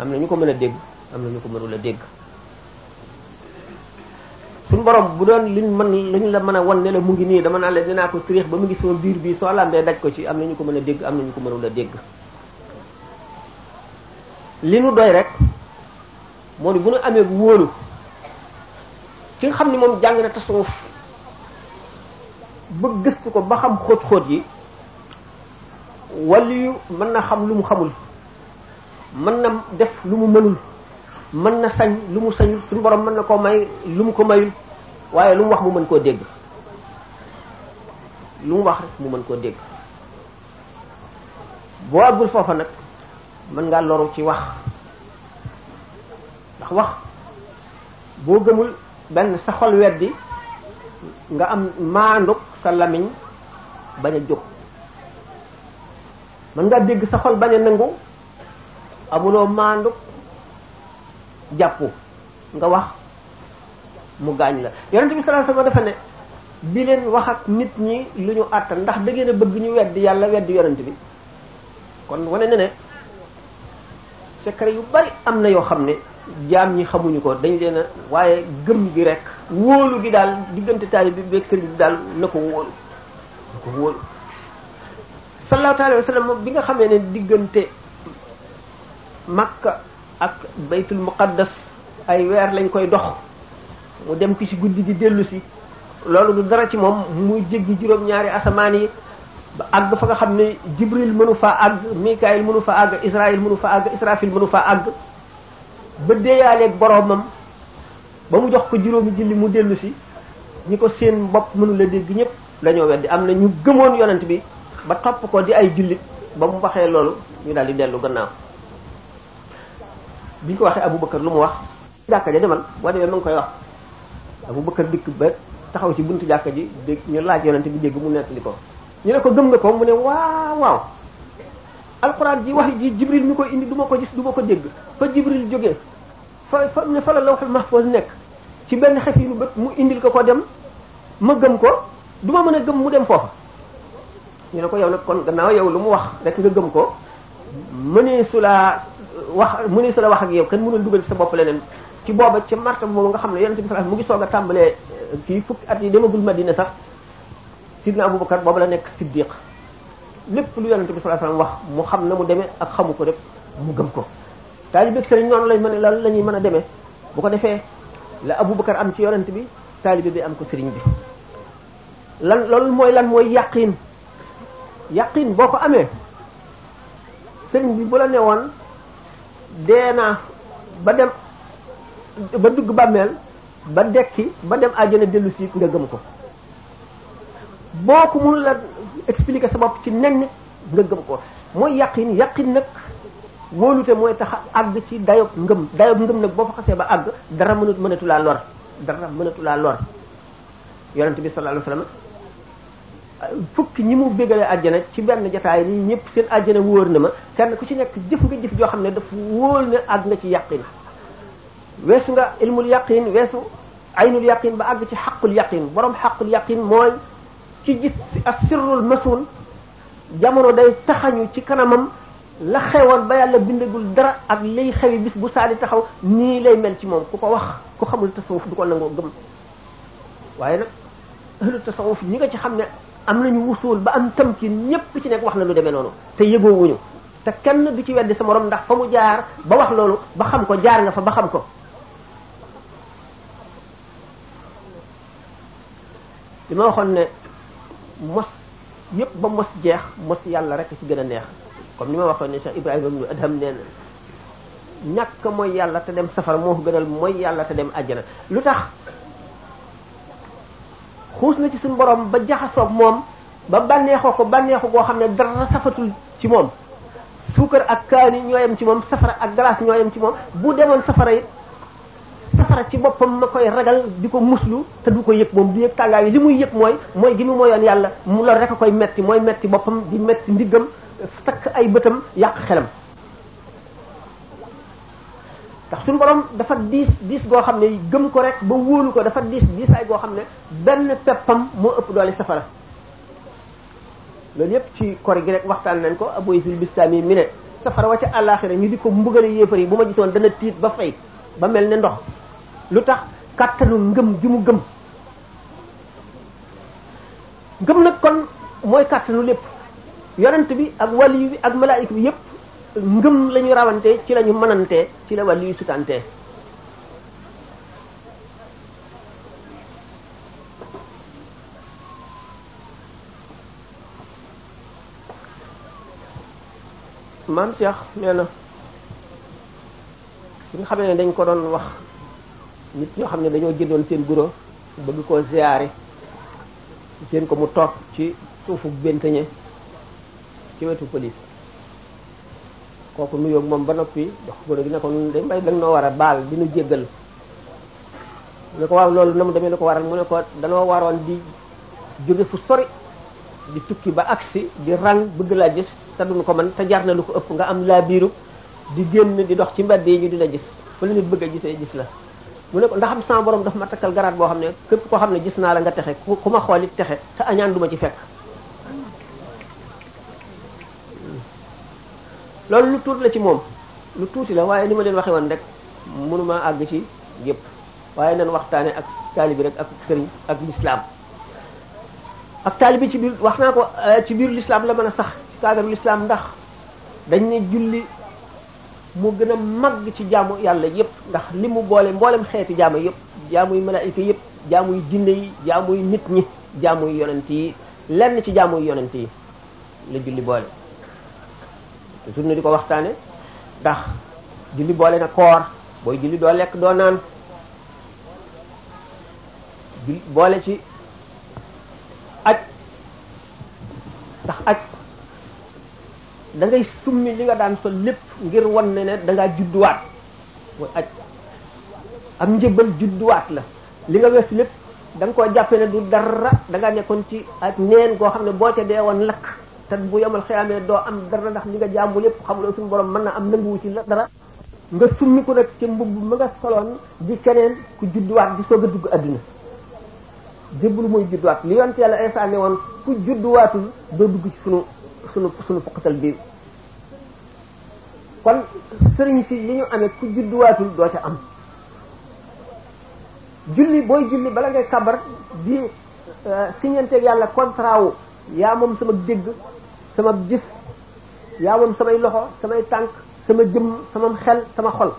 am na ñu ko mën a dégg am na ko mënul a dégg suñu borom bu doon liñ mën lañu la mën a wan ne mu ngi nii dama naa la dinaa ko sirix ba mu ngi sama biir bi soo làmbee daj ko ci am na ñu ko mën a dégg am na ñu ko mënul a dégg li nu doy rek moo di bu nu amee wóolu ki nga xam ni moom jàng na tasawuf ba gëstu ko ba xam xóot-xóot yi waliyu mën na xam lu mu xamul mën na def lu mu mënul mën na sañ lu mu sañul suñu borom mën na koo may lu mu ko mayul waaye lu mu wax mu mën koo dégg lu mu wax mu mën koo dégg boo àggul foofa nag mën ngaa loru ci wax ndax wax boo gëmul benn sa xol weddi nga am maanduk sa lamiñ bañ a jóg mën ngaa dégg sa xol bañ a nangu amuloo maanduk jàppu nga wax mu gaañ la yonent bi sallallahu alayhi wasallam dafa ne bi leen wax ak nit ñi lu ñu àttan ndax da ngeen a bëgg ñu weddi yàlla weddi yonent bi kon wane na ne yu bari am na yoo xam ne jaam ñi xamuñu ko dañ leen a waaye gëm gi rek wóolu gi daal diggante taalib bi beeg sëriñ bi daal na ko wóolu na ko wóolu sallallahu alayhi bi nga xamee ne diggante Makka ak baytul muqaddas ay weer lañ koy dox mu dem ci guddi gi dellu si loolu lu dara ci moom muy jéggi juróom-ñaari asamaan yi ba àgg fa nga xam ne jibril mënu faa àgg mikaayil mënu fa àgg israil mënu fa àgg israfil mënu fa àgg ba deeyaaleeg boroomam ba mu jox ko juróomi julli mu dellu si ñi ko seen bopp mënu la dégg ñëpp dañoo weddi am na ñu gëmoon yonant bi ba topp ko di ay julli ba mu waxee loolu ñu daal di dellu gannaaw bi ñu ko waxee Aboubacar lu mu wax jàkka ja demal boo demee mu ngi koy wax Aboubacar dikk ba taxaw ci bunt jàkka ji dégg ñu laaj yonente bi dégg mu nettali ko ñu ne ko gëm nga ko ne waaw waaw ji wax ji jibril mi koy indi du ko gis du ma ko dégg fa jibril jóge fa fa ne fa la lawhul mahfuz nekk ci benn xef yi nu bët mu indil ko ko dem ma gëm ko du ma mën a gëm mu dem foofa ñu ne ko yow nag kon gannaaw yow lu mu wax rek nga gëm ko mënee su la wax mënee su la wax ak yow kenn mënul dugal ci sa bopp leneen ci booba ci marta boobu nga xam ne yonent bi sallallahu alayhi wasallam mu ngi soog a tàmbalee euh, kii fukki at yi demagul Madina sax sidna Abubakar boobu la nekk siddiq lépp lu yonent bi sallallahu alayhi wasallam wax mu xam na mu demee ak xamu ko rek mu gëm ko taalibe ak sëriñ noonu lañ mën a la ñuy mën a demee bu ko defee la Abubakar am ci yonent bi taalibe bi am ko sëriñ bi lan loolu mooy lan mooy yaqin yaqin boo ko amee sëriñ bi bu la newoon dee naa ba dem ba dugg bàmmeel ba dekki ba dem àjjana dellu dellusi nga gëm ko boo ko mënul a expliquer sa bopp ci nen nit nga gëm ko mooy yàqin yàqin nag wóolute mooy tax àgg ci dayob ngëm dayob ngëm nag boo fa xasee ba àgg dara mënut mënatu laa lor dara mënatu laa lor yonent bi sallallahu alayhi fukki ñi mu bégalee àjjana ci benn jataay nii ñëpp seen àjjana wóor na ma kenn ku ci nekk jëf nga jëf joo xam ne daf wóor ne àgg nga ci yàqin weesu nga ilmul yàqin weesu aynul yàqin ba àgg ci xaqul yàqin borom xaqul yàqin mooy ci gis ak sirrul masul jamono day taxañu ci kanamam la xewoon ba yàlla bindagul dara ak lay xewi bis bu saali taxaw nii lay mel ci moom ku ko wax ku xamul tasawuf du ko nangoo gëm waaye nag ahlu tasawuf ñi nga ci xam ne am nañu wusuul ba am tamkin ñépp ci nekk wax na lu demee noonu te yëgoowuñu te kenn du ci weddi sa morom ndax fa mu jaar ba wax loolu ba xam ko jaar nga fa ba xam ko li ma waxoon ne mos yëpp ba mos jeex mos yàlla rek ci gën a neex kon ni ma waxoon ne Cheikh Ibrahima ibnu Adham nee na ñàkk mooy yàlla te dem safara moo ko gënal mooy yàlla te dem àjjana lu tax xuus na ci suñu borom ba jaxasoog moom ba bànneexoo ko bànneexu goo xam ne dara safatul ci moom suukar ak kaani ñoo yem ci moom safara ak galaas ñoo yem ci moom bu demoon safara it safara ci boppam ma koy ragal di ko muslu te du ko yëg moom du yëg tàngaay li muy yëpp mooy mooy gi mu mooyoon yàlla mu loolu rek a koy metti mooy metti boppam di metti ndiggam takk ay bëtam yàq xelam ndax su borom dafa diis diis goo xam ne gëm ko rek ba wóolu ko dafa diis diisaay goo xam ne benn peppam moo ëpp doole safara loolu yëpp ci kor gi rek waxtaan nañ ko Abu Yazid Bistami mi ne safara wa ca àllaaxira ñu di ko mbugale yéefar yi bu ma gisoon dana tiit ba fay ba mel ne ndox lu tax kàttanu ngëm gi mu gëm gëm nag kon mooy kàttanu lépp yonent bi ak wali bi ak malaayik bi yëpp ngëm la ñu rawante ci la ñu mënante ci la wàllu yu sutante maam Cheikh nee na bi nga xamee ne dañ ko doon wax nit ñoo xam ne dañoo jëndoon seen guro bëgg koo ziyaare seen ko mu toog ci suufu benteñe ci wetu police kooku nuyoog moom ba noppi jox gone gi ne ko nun de mbay danga noo war a baal di nu jéggal ne ko waaw loolu na mu demee ne ko waral mu ne ko danoo waroon di jóge fu sori di tukki ba agsi di rang bëgg laa gis te duñu ko man te jar na lu ko ëpp nga am laa biiru di génn di dox ci mbedd yi ñu di la gis fu la nit bëgg a gisee gis la mu ne ko ndax am sama borom daf ma takkal garaat boo xam ne képp koo xam ne gis naa la nga texe ku ma xool it texe te añaan duma ci fekk loolu lu tuuti la ci moom lu tuuti la waaye li ma leen waxe woon rek mënuma àgg ci yépp waaye nan waxtaane ak taalibi rek ak sëriñ ak lislaam ak taalibi ci biir wax naa ko eh, ci biir lislaam la mën a sax ci kaagaru lislaam ndax dañ ne julli mu gën a màgg ci jaamu yàlla yépp ndax li mu boole mboolem xeeti jaamu yépp jaamuy malaayika yépp jaamuy jinne yi jaamuy nit ñi jaamuy yonent yi lenn ci jaamuy yonent yi la julli boole te journée di ko waxtaanee ndax julli boole na koor booy julli doo lekk doo naan julli boole ci aj ndax aj da ngay summi li nga daan sol lépp ngir wan ne ne da ngaa judduwaat mooy aj am njëbal judduwaat la li nga wees lépp da koo jàppe ne du dara da nekkoon ci ak neen koo xam ne boo ca dee woon lakk te bu yomal xiyaamee doo am dara ndax li nga jaamu lépp xamuloo suñu borom mën na am nanguwu ci dara nga summiku nag ci mbubb ma nga soloon di keneen ku judduwaat di soog a dugg adduna jébbalu mooy judduwaat li yonte yàlla Isaa ne woon ku judduwaatul doo dugg ci sunu sunu sunu poqatal bi kon sëriñ si li ñu amee ku judduwaatul doo ca am julli booy julli bala ngay kabar di euh, siñanteeg yàlla contrat wu yaa moom sama dégg sama gis yaa moom samay loxo samay tànk sama jëmm sama xel sama xol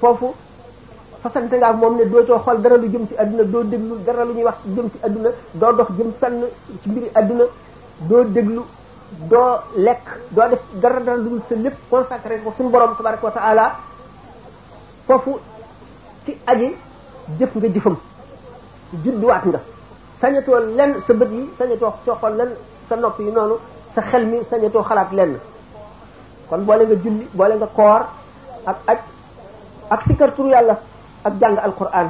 foofu fasante nga ak moom ne dootoo xool dara lu jëm ci àdduna doo déglu dara lu ñuy wax jëm ci àdduna doo dox jëm fenn mbiri àdduna déglu doo lekk doo def dara dara lu sa lépp consacré ko suñu borom tabaraka wa taala foofu ci aji jëf nga jëfam judduwaat nga sañatoo lenn sa bët yi sañatoo soo xool lenn sa nopp yi noonu sa xel mi kon boole nga julli boole nga koor ak aj ak sikar yàlla ak jàng alquran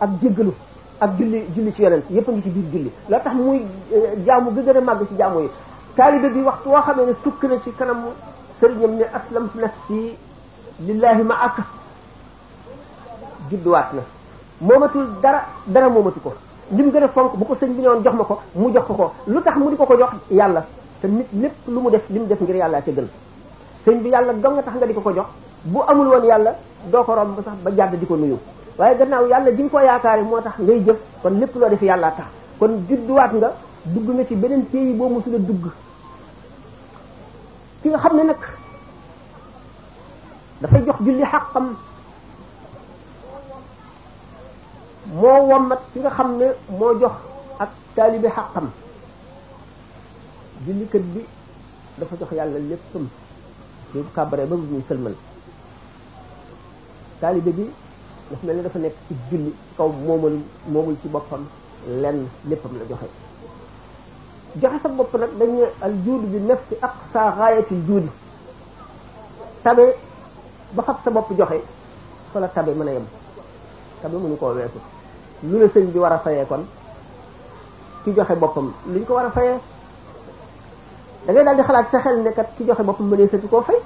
ak jéggalu ak julli ci yonent yépp a ngi ci biir julli loo tax muy eh, jaamu bi gën a màgg ci jaamu yi taalibe bi waxtu woo xamee ne sukk na ci kanam sëriñam ne aslam ci lillahi ma ak judduwaat na moomatul dara dara moomatu ko li mu gën a fonk bu ko sëñ bi ne woon jox ma ko mu jox ko ko lu tax mu di ko ko jox yàlla te nit lépp lu mu def li mu def ngir yàlla ca gën sëñ bi yàlla dong nga tax nga di ko ko jox bu amul woon yàlla doo ko romb sax ba jàdd di ko nuyu waaye gannaaw yàlla ji nga ko yaakaari moo tax ngay jëf kon lépp loo def yàlla tax kon judduwaat nga dugg nga ci beneen pays boo mosula dugg ki nga xam ne nag dafay jox julli xaqam moo wommat ki nga xam ne moo jox ak taalibe xaqam jullikat bi dafa jox yàlla léppam bu kàbbaree ba bu ñuy sëlmal taalibe bi dafa mel ni dafa nekk ci julli kaw moomal moomul ci boppam lenn léppam la joxe joxe sa bopp nag dañu al juud bi nafsi aqsa gaayatil juudi tabe ba fab sa bopp joxe fa la tabe mën a yem tabe mënu koo weesu lu la sëñ bi war a fayee kon ki joxe boppam luñ ko war a fayee da ngay di xalaat sa xel ki joxe boppam mënee sëtu koo fay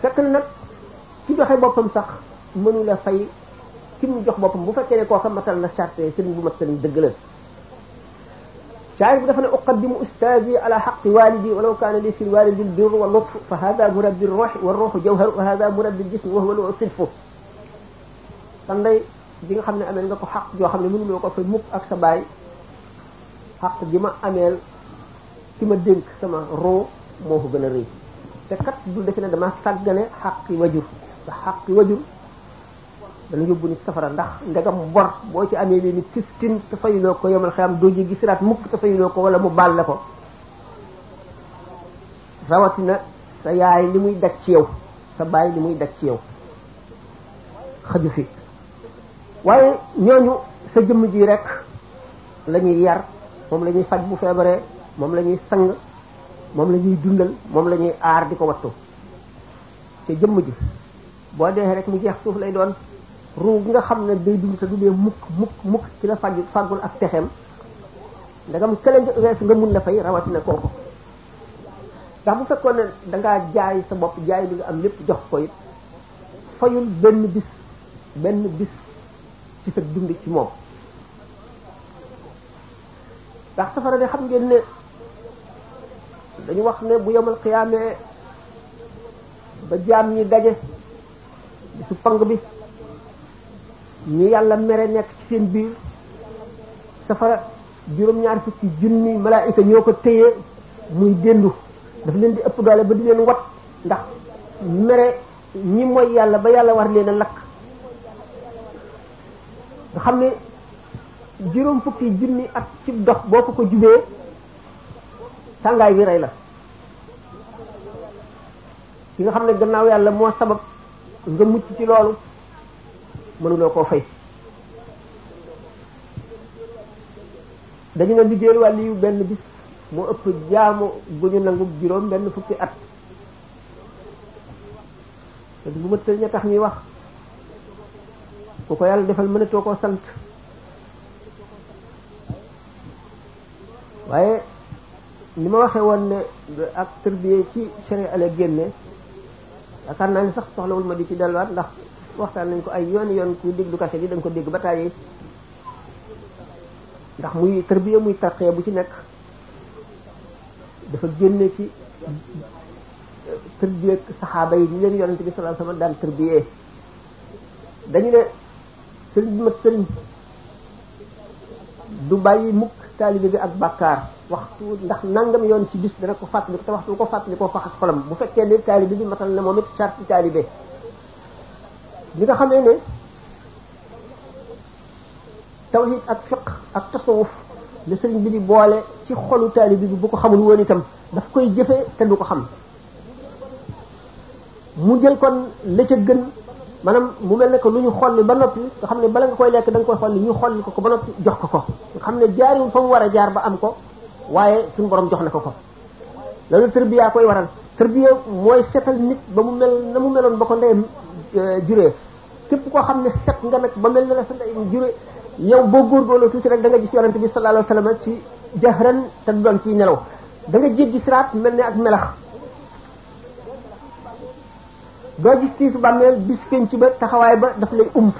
fekk joxe boppam sax mënu la fay ki mu jox boppam bu fekkee ne kooka matal na la sëriñ bu mat sëriñ dëgg la shaayir bi dafa ne uqaddimu ustaazi ala xaqi walidi walaw kaana li fi lwalidi lbir wa lutf fa hada murabbi ruux wa ruuxu jawharu wa hada murabbi ljism wa huwa sidfu sa ndey ji nga xam ne ameel nga ko xaq joo xam ne mënuloo ko fay mukk ak sa baay xaq ji ma ameel ki ma dénk sama roo moo ko gën a rëy te kat bul defe ne dama sàggane xaqi wajur ndax xaqi wajur dana yóbbu nit safara ndax ndegam bor boo ci amee ni fifteen te fayuloo ko yomal xiyam doo ji siraat mukk te fayuloo ko wala mu baal la ko rawatina sa yaay li muy daj ci yow sa baay li muy daj ci yow xaju fi waaye ñooñu sa jëmm ji rek lañuy yar moom la ñuy faj bu feebaree moom la ñuy sang moom la ñuy dundal moom lañuy aar di ko wattu te jëmm ji boo dee rek mu jeex suuf lay doon ruu gi nga xam ne day dund te du mukk mukk mukk ci la faj fàggul ak texeem ndagam kële nga weesu nga mun na fay rawatina kooku ndax bu fekkoon ne dangaa jaay sa bopp jaay li nga am lépp jox ko it fayul benn bis benn bis ci sa dund ci moom ndax safara de xam ngeen ne dañu wax ne bu yomal xiyaamee ba jaam ñi daje su pang bi ñu yàlla mere nekk ci seen biir safara juróom-ñaar fukki junni malaayika ñoo ko téye muy déndu dafa leen di ëpp doole ba di leen wat ndax mere ñi mooy yàlla ba yàlla war leen a lakk nga xam ne juróom fukki junni at ci dox boo ko ko jubee tàngaay bi rey la ki nga xam ne gannaaw yàlla moo sabab nga mucc ci loolu mënuloo koo fay dañu ne liggéeyal wàll yu benn bis moo ëpp jaamu bu ñu nangu juróom benn fukki at te bu ma tëj ña tax ñuy wax ku ko yàlla defal mënatoo koo sant waaye li ma waxee woon ne ak tërbiyee ci sharia la génne yaakaar naa ni sax soxlawul ma di ci delluwaat ndax waxtaan nañ ko ay yoon yoon kuy déglu kase bi da ko dégg ba tàyyi ndax muy tërbiyee muy tarxee bu ci nekk dafa génne ci tërbiyee saxaaba yi ñu leen yonante bi sallallahu alayhi wasallam daan tërbiyee dañu ne sëriñ bi mat sëriñ du bàyyi mukk taalibe bi ak bàkkaar waxtu ndax nangam yoon ci gis dana ko fàttali te waxtu ko fàttali koo faxas xolam bu fekkee ne taalibe bi matal na moom it charte taalibe li nga xamee ne tawhid ak fiqh ak tasawuf la sëriñ bi di boole ci xolu taalibe bi bu ko xamul woon itam daf koy jëfee te ko xam mu jël kon la ca gën maanaam mu mel ne ko lu ñu xolli ba noppi nga xam ne bala nga koy lekk da nga koy xolli ñu xolli ko ko ba noppi jox ko ko nga xam ne jaariwul fa mu war a jaar ba am ko waaye suñu borom jox na ko ko loolu tërbiya koy waral tërbiya mooy setal nit ba mu mel na mu meloon ba ko ndeyam euh, juree képp koo xam ne set nga nag ba mel na la sa ndeyam juree yow boo góorgóorloo tuuti rek da nga gis yonente bi sallallahu alayhi wasallam ci jahran te du doon ci nelaw da nga jéggi siraat mel ne ak melax doo gis tiisu bàmmeel bis penc ba taxawaay ba dafa lay ump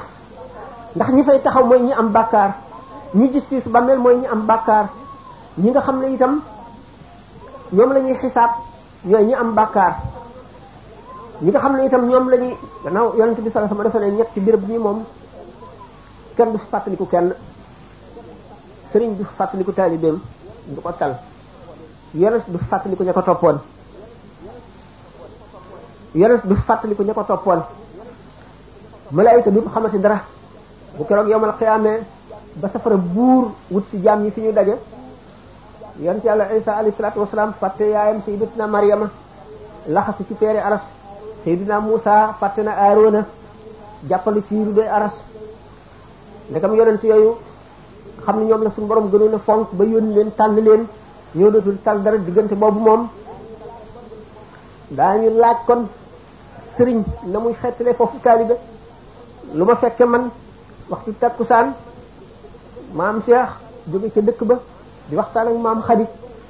ndax ñi fay taxaw mooy ñi am bàkkaar ñi gis tiisu bàmmeel mooy ñi am bàkkaar ñi nga xam ne itam ñoom la ñuy xisaab ñooy ñi am bàkkaar ñi nga xam ne itam ñoom lañuy gannaaw yonent bi sallallahu alayhi wasallam dafa ñett ci béréb ñi moom kenn du fi fàttaliku kenn sëriñ du fi fàttaliku taalibeem du ko tal yonent du fi fàttaliku ña ko toppoon yonent bi fàttaliku ña ko toppoon malaayika du xamati dara bu keroog yowmal xiyaamee ba safara buur wut ci jaam yi fi ñu daje yonent yàlla isa alayhi salaatu wasalaam fàtte yaayam sayyidatina Maryama laxasu ci peere aras sayidina Musa fàtte na Aarona jàppandu ci ru doy aras ndekam yonent yooyu xam ne ñoom la suñu borom gënoon a fonk ba yónni leen tànn leen ñoo dootul tànn dara diggante boobu moom daañu laaj kon sëriñ na muy xettale foofu taalibe lu ma fekke man waxtu takkusaan maam Cheikh jóge ca dëkk ba di waxtaan ak maam Xadi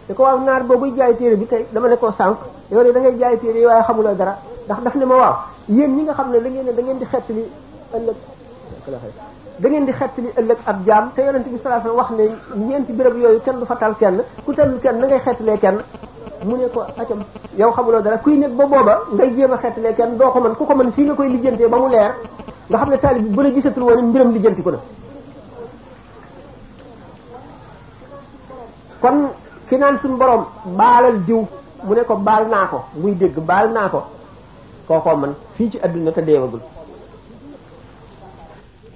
te ko waaw naar boobuy jaay téere bi tey dama ne koo sànq yow de da ngay jaay téere yi waaye xamuloo dara ndax daf ne ma waaw yéen ñi nga xam ne da ngeen ne da ngeen di xettali ëllëg da ngeen di xettali ëllëg ab jaam te yonente bi sallallahu wax ne ñeenti béréb yooyu kenn du fa fatal kenn ku tellul kenn na ngay xettalee kenn mu ne ko acam yow xamuloo dara kuy nekk ba booba ngay jéem a xettalee kenn doo ko mën ku ko man fii nga koy lijjantee ba mu leer nga xam ne taalib bi bu la gisatul woon mbiram lijjanti ko na kon ki naan suñu borom baalal jiw mu ne ko baal naa ko muy dégg baal naa ko kookoo man fii ci adduna te deewagul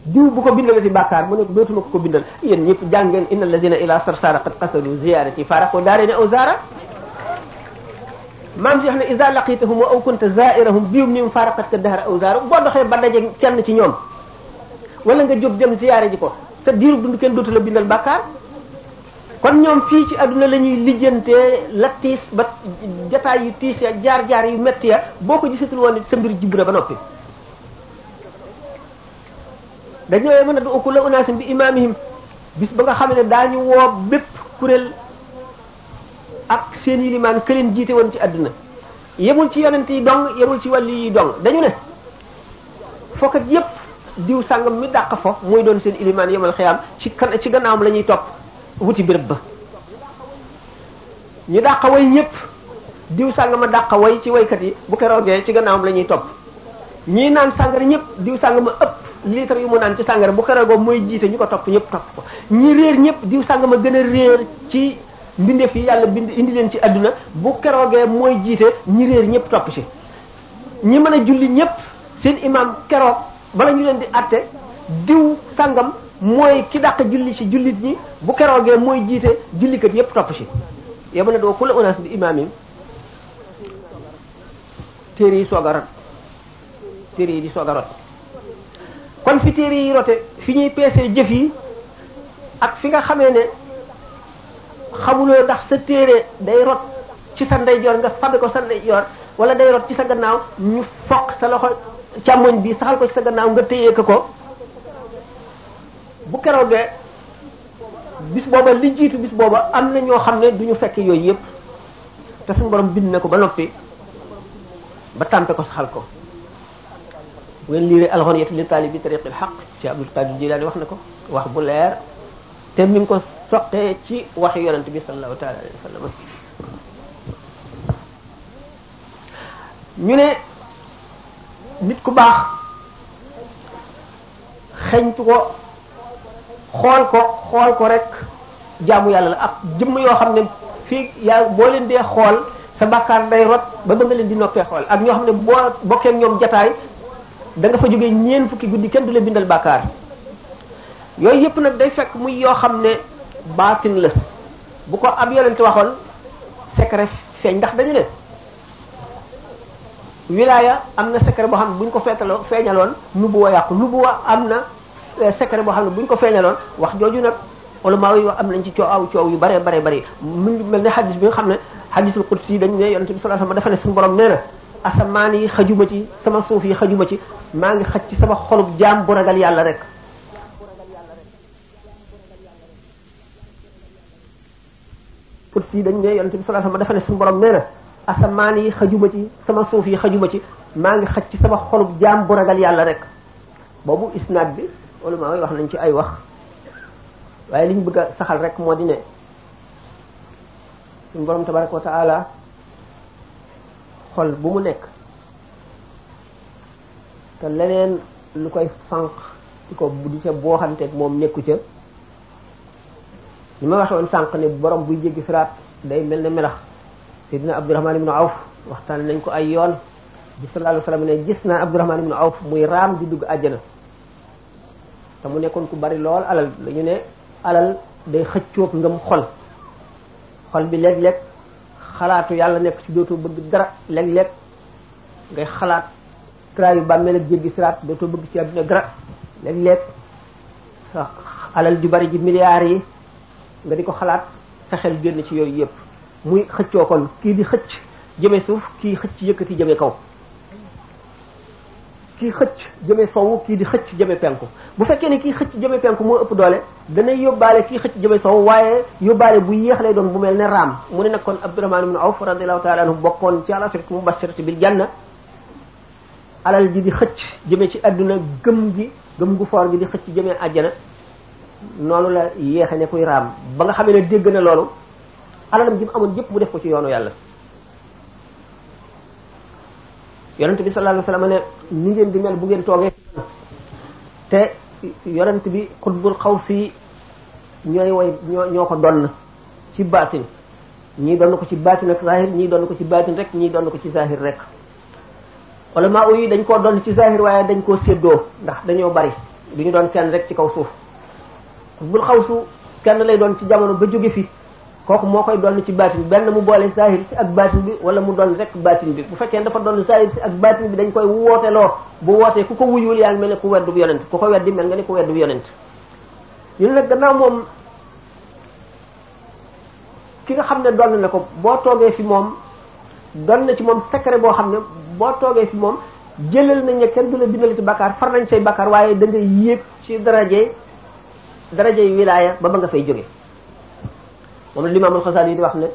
diw bu ko bindalati bàkkaar mu ne dootuma ko ko bindal yéen ñëpp jàngeen inna allazina ila sarsara qad qasalu ziyarati faraqu daarina aw zara maam Cheikh ne isa laqitahum wa aw kunta zairahum bium ni mu faraqatka dahar aw zaara boo doxee ba daje kenn ci ñoom wala nga jóg dem ziyaare ji ko te diiru dund kenn dootu la bindal bàkkaar kon ñoom fii ci àdduna lañuy ñuy la tiis ba jataay yu tiis ya jaar-jaar yu metti ya boo ko gisatul woon sa mbir jib na ba noppi dañoo mën a du ukku la unaasin bi imaamihim bis ba nga xam ne ñu woo bépp kuréel ak seen yilimaan ka jiite woon ci àdduna yemul ci yonent yi dong yemul ci wàllu yi dong dañu ne fokkat yépp diw sàngam mi dàq fo mooy doon seen ilimaan yemal xiyaam ci kan ci gannaawam la ñuy topp wuti béréb ba ñu dàq way ñépp diw sàngama dàq way ci waykat yi bu keroogee ci gannaawam la ñuy topp ñii naan sàngara ñépp diw sàngama ëpp litre yu mu naan ci sàngara bu keroogoo mooy jiite ñu ko topp ñépp topp ko ñi réer ñépp diw sàngama gën a réer ci mbindeef yi yàlla bind indi leen ci àdduna bu keroogee mooy jiite ñi réer ñëpp topp ci ñi mën a julli ñëpp seen imam keroog bala ñu leen di atte diw sàngam mooy ki dàq julli ci jullit ñi bu keroogee mooy jiite jullikat ñëpp topp ci yema ne doo ku la unaas bi imaam yi téere yi soog a yi di soog a rot kon fi téere yi rote fi ñuy peesee jëf yi ak fi nga xamee ne xamuloo ndax sa téere day rot ci sa ndeyjoor nga fabe ko sa ndeyjoor wala day rot ci sa gannaaw ñu foq sa loxo càmmoñ bi saxal ko ci sa gannaaw nga téye ko ko bu keroogee bis booba li jiitu bis booba am na ñoo xam ne du ñu fekk yooyu yëpp te suñu borom bind na ko ba noppi ba tàmpe ko saxal ko bu ngeen liiree alxoniyatu li taalibi tariqil xaq ci Abdul Qadir Jilaani wax na ko wax bu leer te mi ngi ko soqee ci wax yonent bi sallallahu taala alayhi wa sallam ñu ne nit ku baax xeñtu ko xool ko xool ko rek jaamu yàlla la ak jëmm yoo xam ne fii yaa boo leen dee xool sa bàkkaar day rot ba ba nga leen di noppee xool ak ñoo xam ne boo bokkee ñoom jataay da nga fa jógee ñeen fukki guddi kenn du la bindal bàkkaar yooyu yëpp nag day fekk muy yoo xam ne baatin la bu ko ab yonent waxoon secret feeñ ndax dañu ne wilaaya am na secret boo xam ne bu ñu ko feetaloo feeñaloon nubuwa yàqu nubuwa am na eh, secret boo xam ne ko feeñaloon wax jooju nag ulama yi am nañ ci coow aw coow yu bare bare bare mu mel ne xadis bi nga xam ne xadisul si dañ ne yonent bi sallallahu alayhi wasallam dafa ne suñu borom nee na asamaan yi xajuma ci sama suuf yi xajuma ci maa ngi xaj ci sama xolub jaam bu ragal yàlla rek pour yi dañ ne yonent bi sallallahu alayhi wasallam dafa ne suñu borom nee na asamaan yi xajuma ci sama suuf yi xajuma ci maa ngi xaj ci sama xolub jaam bu ragal yàlla rek boobu isnaad bi ulama yi wax nañ ci ay wax waaye liñ bëgg a saxal rek moo di ne suñu borom tabaraka wa taala xol bu mu nekk te leneen lu koy fànq di ko bu di ca boo moom nekku ca li ma waxe woon sànq ne borom buy jéggi siraat day mel ne mela Seydina Abdourahman ibnu Awf waxtaan nañ ko ay yoon bi sallallahu alayhi gis naa Abdourahman ibnu Awf muy raam di dugg àjjana te mu nekkoon ku bari lool alal dañu ne alal day xëccoog ngëm xol xol bi léeg-léeg xalaatu yàlla nekk ci dootoo bëgg dara léeg-léeg ngay xalaat tra yu bàmmeel ak jéggi siraat dootoo bëgg ci àdduna dara léeg-léeg alal ju bari ji milliards yi nga di ko xalaat fexeel génn ci yooyu yépp muy xëccoo kon kii di xëcc jëme suuf kii xëcc yëkkati jëme kaw kii xëcc jëme sowu kii di xëcc jëme penku bu fekkee ne kii xëcc jëme penku moo ëpp doole danay yóbbaale kii xëcc jëme sow waaye yóbbaale bu yéex doon bu mel ne raam mu ne nekkoon kon Abdurahmaan ibn Awf radiyallahu taala bokkoon ci al-ashrati mubashirati bil janna alal ji di xëcc jëme ci àdduna gëm gi gëm gu foor gi di xëcc jëme àjjana noonu la yéexe ne kuy raam ba nga xamee ne dégg na loolu alalam ji mu amoon yëpp mu def ko ci yoonu yàlla yonent bi sallallahu alayhi wasallam ne di mel bu ngeen toogee te yonent bi xutbul xaw fii ñooy way ñoo ñoo ko donn ci baatin ñii donn ko ci baatin ak zahir ñii donn ko ci baatin rek ñii donn ko ci zahir rek wala yi dañ koo donn ci zahir waaye dañ koo séddoo ndax dañoo bari du ñu doon seen rek ci kaw suuf bul su kenn lay doon ci jamono ba jóge fi kooku moo koy doon ci baatin benn mu boole saahir si ak baatin bi wala mu doon rek baatin bi bu fekkee dafa doon saahir si ak baatin bi dañ koy wooteloo bu wootee ku ko wuyul yaa ngi mel ne ku weddu bu yonent ku ko weddi mel nga ne ko weddu bu yonent ñu ne nag gannaaw moom ki nga xam ne doon na ko boo toogee fi moom doon na ci moom secret boo xam ne boo toogee fi moom jëlal nañ ne kenn du la bindal ci bakkaar far nañ say bakkaar waaye da ngay yéeg ci daraja yu wilaaya ba ba nga fay jóge moom la limaamul Xasaali yi di wax ne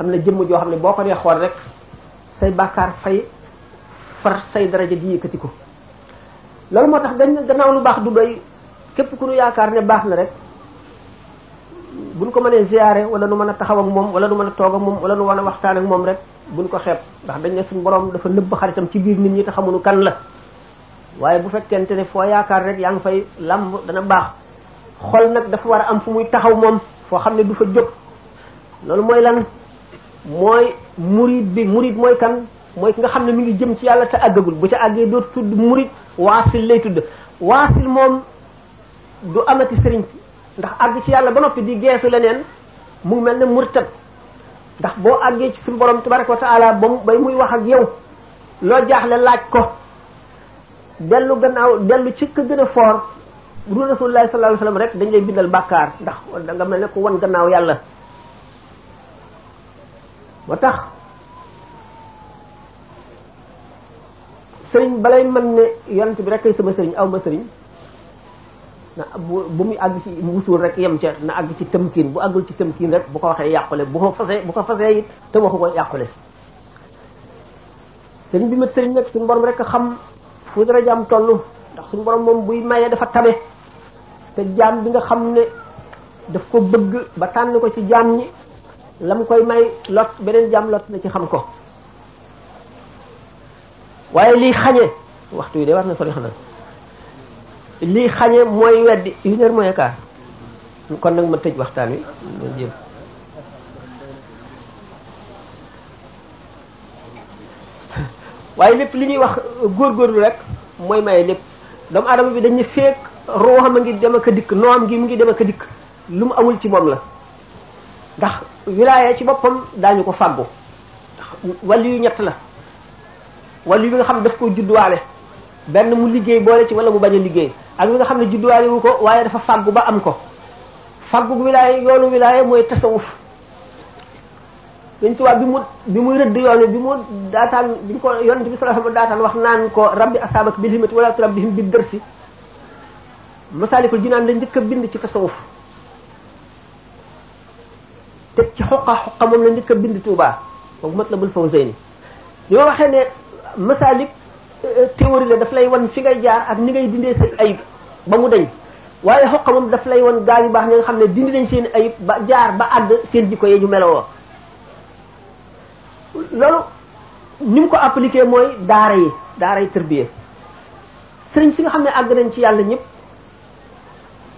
am na jëm joo xam ne boo ko dee xool rek say bàkkaar fay far say daraja di yëkkati ko loolu moo tax gan gannaaw lu baax du doy képp ku nu yaakaar ne baax na rek buñ ko mënee ziyaare wala nu mën a taxaw moom wala nu mën a toog ak moom wala nu mën a waxtaan ak moom rek buñ ko xeeb ndax dañ ne suñu borom dafa nëbb xaritam ci biir nit ñi te xamuñu kan la waaye bu fekkente ne foo yaakaar rek yaa ngi fay làmb dana baax xol nag dafa war a am fu muy taxaw moom foo xam ne du fa jóg loolu mooy lan mooy murid bi murid mooy kan mooy ki nga xam ne mi ngi jëm ci yàlla te àggagul bu ci àggee doo tudd murid waasil lay tudd waasil moom du amati sëriñ ndax àgg ci yàlla ba noppi di geesu leneen mu mel ne murtad ndax boo àggee ci suñu borom tabaraka wa taala ba bay muy wax ak yow loo jaaxle laaj ko dellu gannaaw dellu ci ka gën a foor bu dul rasulullah sallallahu alayhi wasallam rek dañ lay bindal bàkkaar ndax da nga mel ne ko wan gannaaw yàlla ba tax sëriñ balay mën ne yonent bi rek kay sama sëriñ aw ma sëriñ na bu muy àgg ci mu wusul rek yem ca na àgg ci tëmkiin bu àggul ci tëmkiin rek bu ko waxee yàqule bu ko fasee bu ko fasee it te waxu ko yàqule sëriñ bi ma sëriñ nag suñu borom rek xam fu dara tollu ndax suñu borom moom buy maye dafa tabe te jaam bi nga xam ne daf ko bëgg ba tànn ko ci jaam ñi lam koy may lot beneen jaam lot na ci xam ko waaye lii xañe waxtu wi de war na sori xanaa liy xañe mooy weddi une heure mooy quart kon nag ma tëj waxtaan wi waaye lépp li ñuy wax góor góorgóorlu rek mooy maye lépp doomu aadama bi dañu feek ruuxam a ngi dem ak a dikk noom gi mu ngi dem ak a dikk lu mu amul ci moom la ndax wilaaya ci boppam daañu ko fàggu ndax yu ñett la wàllu bi nga xam ne daf ko judduwaale benn mu liggéey boole ci wala mu bañ a liggéey ak bi nga xam ne judduwaale ko waaye dafa fàggu ba am ko fàggu wilaaya yoonu wilaaya mooy tasawuf Sëriñ Tuubaa bi mu bi muy rëdd yoon wi bi mu daataan bi ñu ko yonent bi sallallahu alayhi wax naan ko rabbi asaabak bil himmati wala turabbihim bi dërsi Masaalikul Jinaan la njëkk a bind ci tasawuf te ci xoqa xoqa moom la njëkk a bind Tuubaa kooku Matlabul Fawzayni bi ma waxee ne masaalik euh, théorie la daf lay wan fi ngay jaar ak ni ngay dindee sa ayib ba mu dañ waaye xoqa moom daf lay wan gaa ñu baax ñi nga xam ne dindi nañ seen ayib ba jaar ba àdd seen jikko yee ñu meloo loolu ni mu ko appliqué mooy daara yi daara yi tërbiyee sëriñ si nga xam ne àgg nañ ci yàlla ñëpp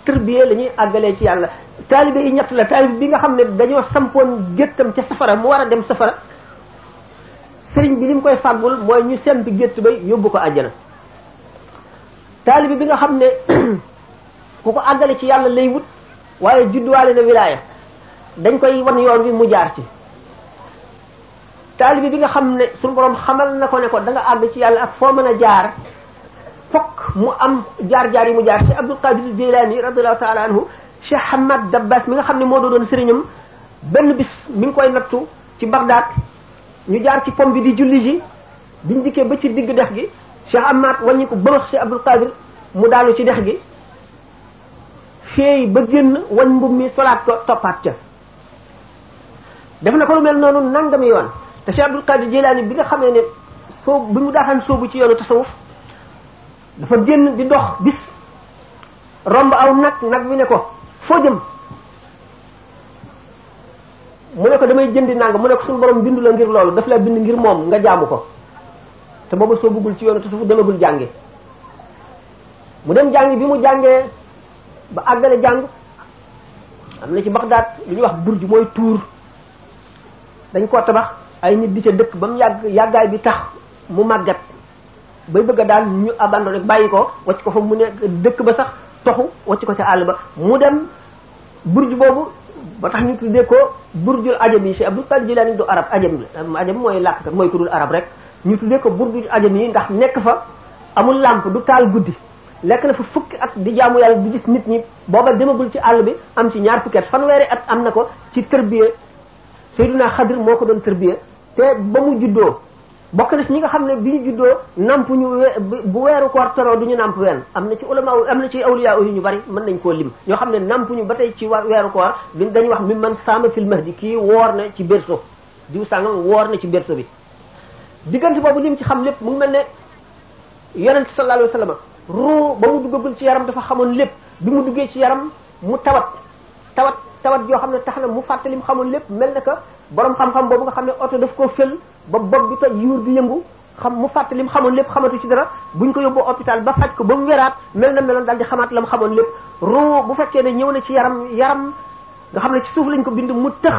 tërbiyee la ñuy àggalee ci yàlla taalibe yi ñett la taalibe bi nga xam ne dañoo sampoon géttam ca safara mu war a dem safara sëriñ bi li mu koy fàggul mooy ñu sempi gétt bay yóbbu ko àjjana taalibe bi nga xam ne ku ko àggale ci yàlla lay wut waaye judduwaale na wilaaya dañ koy wan yoon wi mu jaar ci taalibi bi nga xam ne suñu borom xamal na ko ne ko da ci yàlla ak foo mën a jaar mu am jaar-jaar yi mu jaar Cheikh Abdul Qadir Jilani radiyallahu taala anhu Cheikh Hamad Dabbas mi nga xam ne moo doon sëriñam benn bis mi ngi koy nattu ci Bagdad ñu jaar ci pom bi di julli ji biñ dikkee ba ci digg dex gi Cheikh Hamad wàññi ko bëbax Cheikh Abdul Qadir mu daanu ci dex gi feey ba génn wañ mbub mi solaat ko toppaat ca def na ko lu mel noonu nangami yoon te Cheikh Abdul Qadir Jilaani bi nga xam ne soo bi mu daaxaan soobu ci yoonu tasawuf dafa génn di dox bis romb aw nag nag wi ne ko foo jëm mu ne ko damay jëndi nanga mu ne ko suñu borom bindu la ngir loolu daf la bind ngir moom nga jaamu ko te booba soo bëggul ci yoonu tasawuf demagul jàngi mu dem jàngi bi mu jàngee ba àggale jàng am na ci Bagdad lu ñuy wax burj mooy tuur dañ ko tabax ay nit di ca dëkk ba mu yàgg yàggaay bi tax mu màggat bay bëgg a daal ñu abandonné bàyyi ko wacc ko fa mu ne dëkk ba sax toxu wacc ko ca àll ba mu dem burj boobu ba tax ñu tuddee ko burjul ajam yi Cheikh Abdou Kadir Jilani du arab ajam la ajam mooy làkkat mooy ku arab rek ñu tuddee ko burjul ajam yi ndax nekk fa amul làmp du taal guddi lekk na fa fukki at di jaamu yàlla di gis nit ñi booba demagul ci àll bi am ci ñaar fukki at fanweeri at am na ko ci tërbiye Seydina Xadir moo ko doon tërbiye te ba mu juddoo bokk na ci ñi nga xam ne bi ñu juddoo namp ñu bu weeru koor teroo du ñu namp wenn am na ci ulama am na ci awliya yu ñu bari mën nañ koo lim ñoo xam ne namp ñu ba tey ci weeru koor bi dañu wax mi man saama fil mahdi kii woor na ci berso diw sàngam woor na ci berso bi diggante boobu lim ci xam lépp mu ngi mel ne yonent sallallahu alayhi wasallam ruu ba mu duggagul ci yaram dafa xamoon lépp bi mu duggee ci yaram mu tawat tawat tawat yoo xam ne tax na mu fàtte lim xamoon lépp mel na que borom xam-xam boobu nga xam ne oto daf koo fël ba bopp bi toj yuur bi yëngu xam mu fàtte li mu xamoon lépp xamatu ci dara buñ ko yóbbu hôpital ba faj ko ba mu wéraat mel na meloon daal di xamaat la mu xamoon lépp ruu bu fekkee ne ñëw na ci yaram yaram nga xam ne ci suuf lañ ko bind mu tëx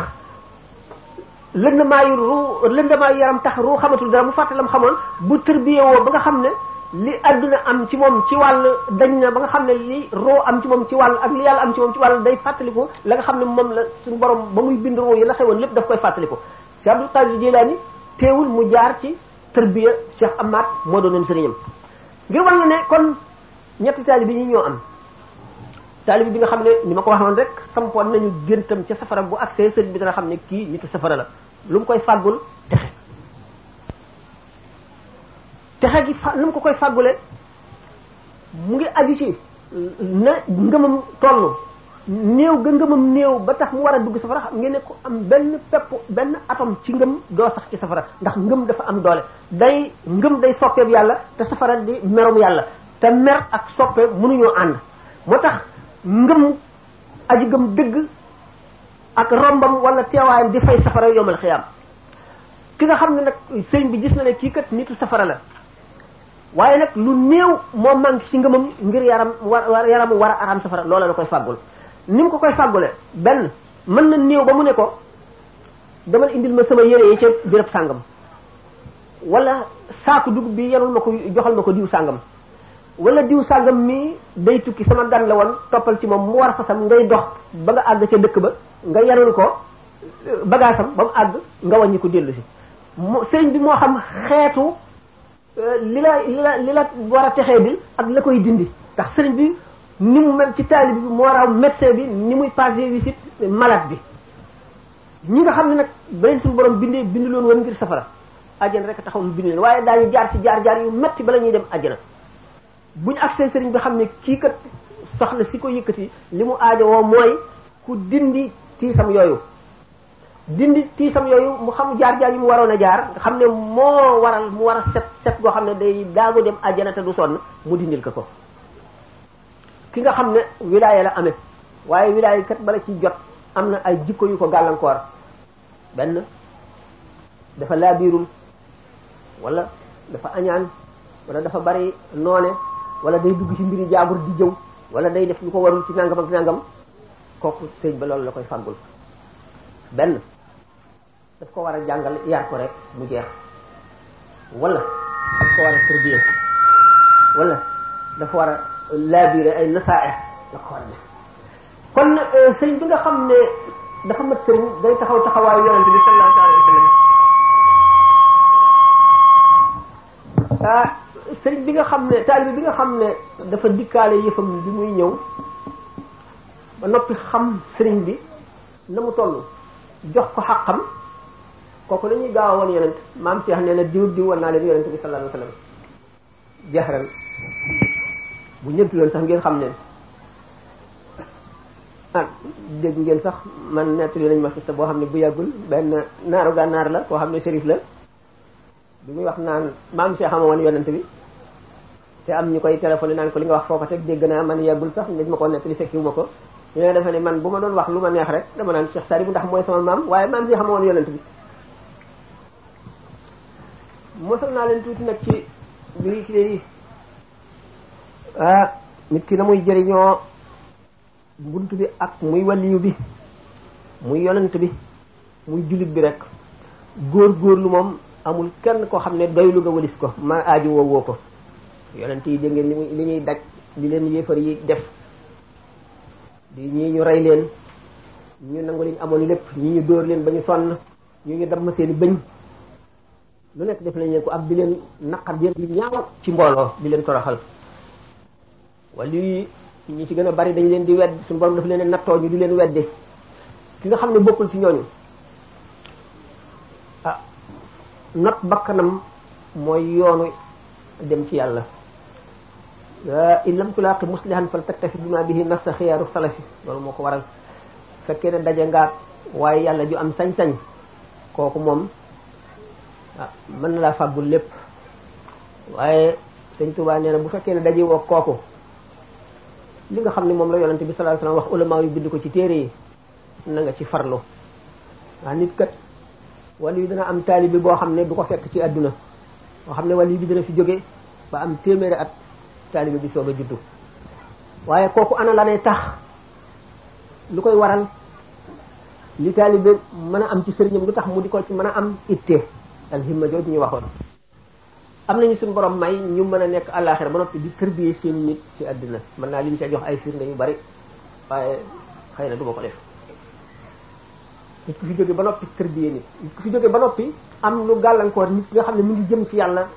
lëndamaayu ruu lëndamaayu yaram tax ruu xamatul dara mu fàtte la mu xamoon bi tërbiyewoo ba nga xam ne li adduna am ci moom ci wàll dañ na ba nga xam ne li roo am ci moom ci wàll ak li yàlla am ci moom ci wàll day fàttaliku la nga xam ne moom la suñu borom ba muy bind roo yi la xewoon lépp daf koy fàttaliku Cheikh Abdul Qadir Jilani teewul jaar ci tërbiya Cheikh Amat moo doonoon sëriñam ngir wan la ne kon ñetti taalib yi ñoo am taalib bi nga xam ne ni ma ko wax waxoon rek sampoon nañu géntam ca safara bu accès sëriñ bi dana xam ne kii nitu safara la lu mu koy fàggul texe gi fa nu mu ko koy fàggule mu ngi aju ci na ngëmam toll néew ga ngëmam néew ba tax mu war a dugg safara xam ngeen ne ko am benn pepp benn atom ci ngëm doo sax ci safara ndax ngëm dafa am doole day ngëm day soppeeb yàlla te safara di merum yàlla te mer ak soppe mënuñoo ànd moo tax ngëm aji gëm dëgg ak rombam wala teewaayam di fay safara yomal xiyaam ki nga xam ne nag sëñ bi gis na ne kii kat nitu safara la waaye nag lu néew moo manque ci ngëmam ngir yaram war yaram war a araam safara loola la koy fàggul ni mu ko koy fàggule benn mën na néew ba mu ne ko demal indil ma sama yére yi ca béréb sàngam wala saaku dugub bi yenul ma ko joxal ma ko diw sàngam wala diw sàngam mi day tukki sama gan la woon toppal ci moom mu war fasam ngay dox ba nga àgg ca dëkk ba nga yarul ko euh, bagaasam ba mu àgg nga wàññi ko dellu si sëriñ bi moo xam xeetu li euh, la li la li la war a texe bi ak la koy dindi ndax sëriñ bi ni mu mel ci taalib bi moo raw médecin bi ni muy passé visite malade bi ñi nga xam ne nag beneen suñu borom bindee bindu loon woon ngir safara ajjana rek taxaw mu bind leen waaye daañu jaar ci jaar-jaar yu metti bala ñuy dem ajjana bu ñu agsee sëriñ bi xam ne kii kat soxla si ko yëkkati li mu aajo woo mooy ku dindi tiisam yooyu dindi tiitam yooyu mu xam jaar-jaar yi mu waroon a jaar nga xam ne moo waral mu war a set set goo xam ne day daago dem àjjana te du sonn mu dindil ko ki nga xam ne wilaaya la amee waaye wilaaya kat bala ci jot am na ay jikko yu ko gàllankoor benn dafa laabiirul wala dafa añaan wala dafa bari noone walla day dugg ci mbiru jaabur di jëw wala day def lu ko warul ci nangam ak nangam kooku sëñ ba loolu la koy fàggul benn daf ko war a jàngal yar ko rek mu jeex wala daf ko war a tërbiya wala dafa war a laabire ay nasaa'i la ko war a kon euh, sëriñ bi nga xam ne dafa day taxaw taxawaayu yonente bi sallallahu alayhi wa sallam ah bi nga xam ne taalibe bi nga xam ne dafa dikkaale yëfam bi muy ñëw ba noppi xam sëriñ bi na mu toll jox ko xaqam kooku nañuy gaaw woon yonent maam Cheikh nee na diw diw woon naa leen yonent bi sallallahu alayhi wasallam ñëpp yoon sax ngeen xam ne ah dégg ngeen sax man nettali nañ ma xista boo xam ne bu yàggul benn naaru gànnaar la koo xam ne shérif la bi muy wax naan maam Cheikh ama woon yonent bi te am ñu koy téléphoné naan ko li nga wax foo ko teg dégg naa man yàggul sax nit ma ko nettali fekkiwu ma ko ñu ne defe ne man bu ma doon wax lu ma neex rek dama naan Cheikh Sari bu ndax mooy sama maam waaye maam Cheikh ama woon yonent bi mosal naa leen tuuti nag ci mbiri ci yi ah, nit ki na muy jëriñoo bunt bi ak muy waliyu bi muy yonent bi muy jullit bi rek góor góorlu moom amul kenn ko xam ne doylu nga walis ko ma aaju woo ko yonent yi dégg ngeen li ñuy daj di leen yéefar yi def di ñii ñu rey leen ñu nangu liñ amoon lépp ñii ñu dóor leen ba ñu sonn ñu ñu damm seeni bëñ lu nekk def nañ leen ko am di leen naqar di leen ñaaw ci mbooloo di leen toroxal wala yu ñu ci gën a bari dañ leen di wedd suñu borom dafa leen nattoo ñu di leen weddi ki nga xam ne bokkul ci ñooñu ah not bakkanam mooy yoonu dem ci yàlla in lam tulaaqi muslihan fal taktafi bima bihi nafsa xiyaaru salafi loolu moo ko waral fekkee ne daje ngaat waaye yàlla ju am sañ-sañ kooku moom Ah, mën na laa fàggul lépp waaye sëñ Tuubaa nee na bu fekkee ne daje woo kooku li nga xam ne moom la yonante bi sallallahu alayhi wax ulama yu bind ko ci téere yi na nga ci farlu waa nit kat wàllu yi dina am taalibi boo xam ne du ko fekk ci àdduna boo xam ne wàllu bi dina fi jóge am téeméeri at taalibi bi soog a juddu waaye kooku ana la lay tax lu koy waral li taalibe mën a am ci sëriñam lu tax mu di ko ci mën a am itte alhimma jooju ñu waxoon am nañu suñu borom may ñu mën a nekk àllaaxira ba noppi di tërbiyee seen nit ci àddina mën naa liñ ca jox ay fiir yu bari waaye xëy na du ma ko def nit ku fi jóge ba noppi tërbiyee nit nit ku jóge ba noppi am lu gàllankoor nit nga xam ne mu ngi jëm ci yàlla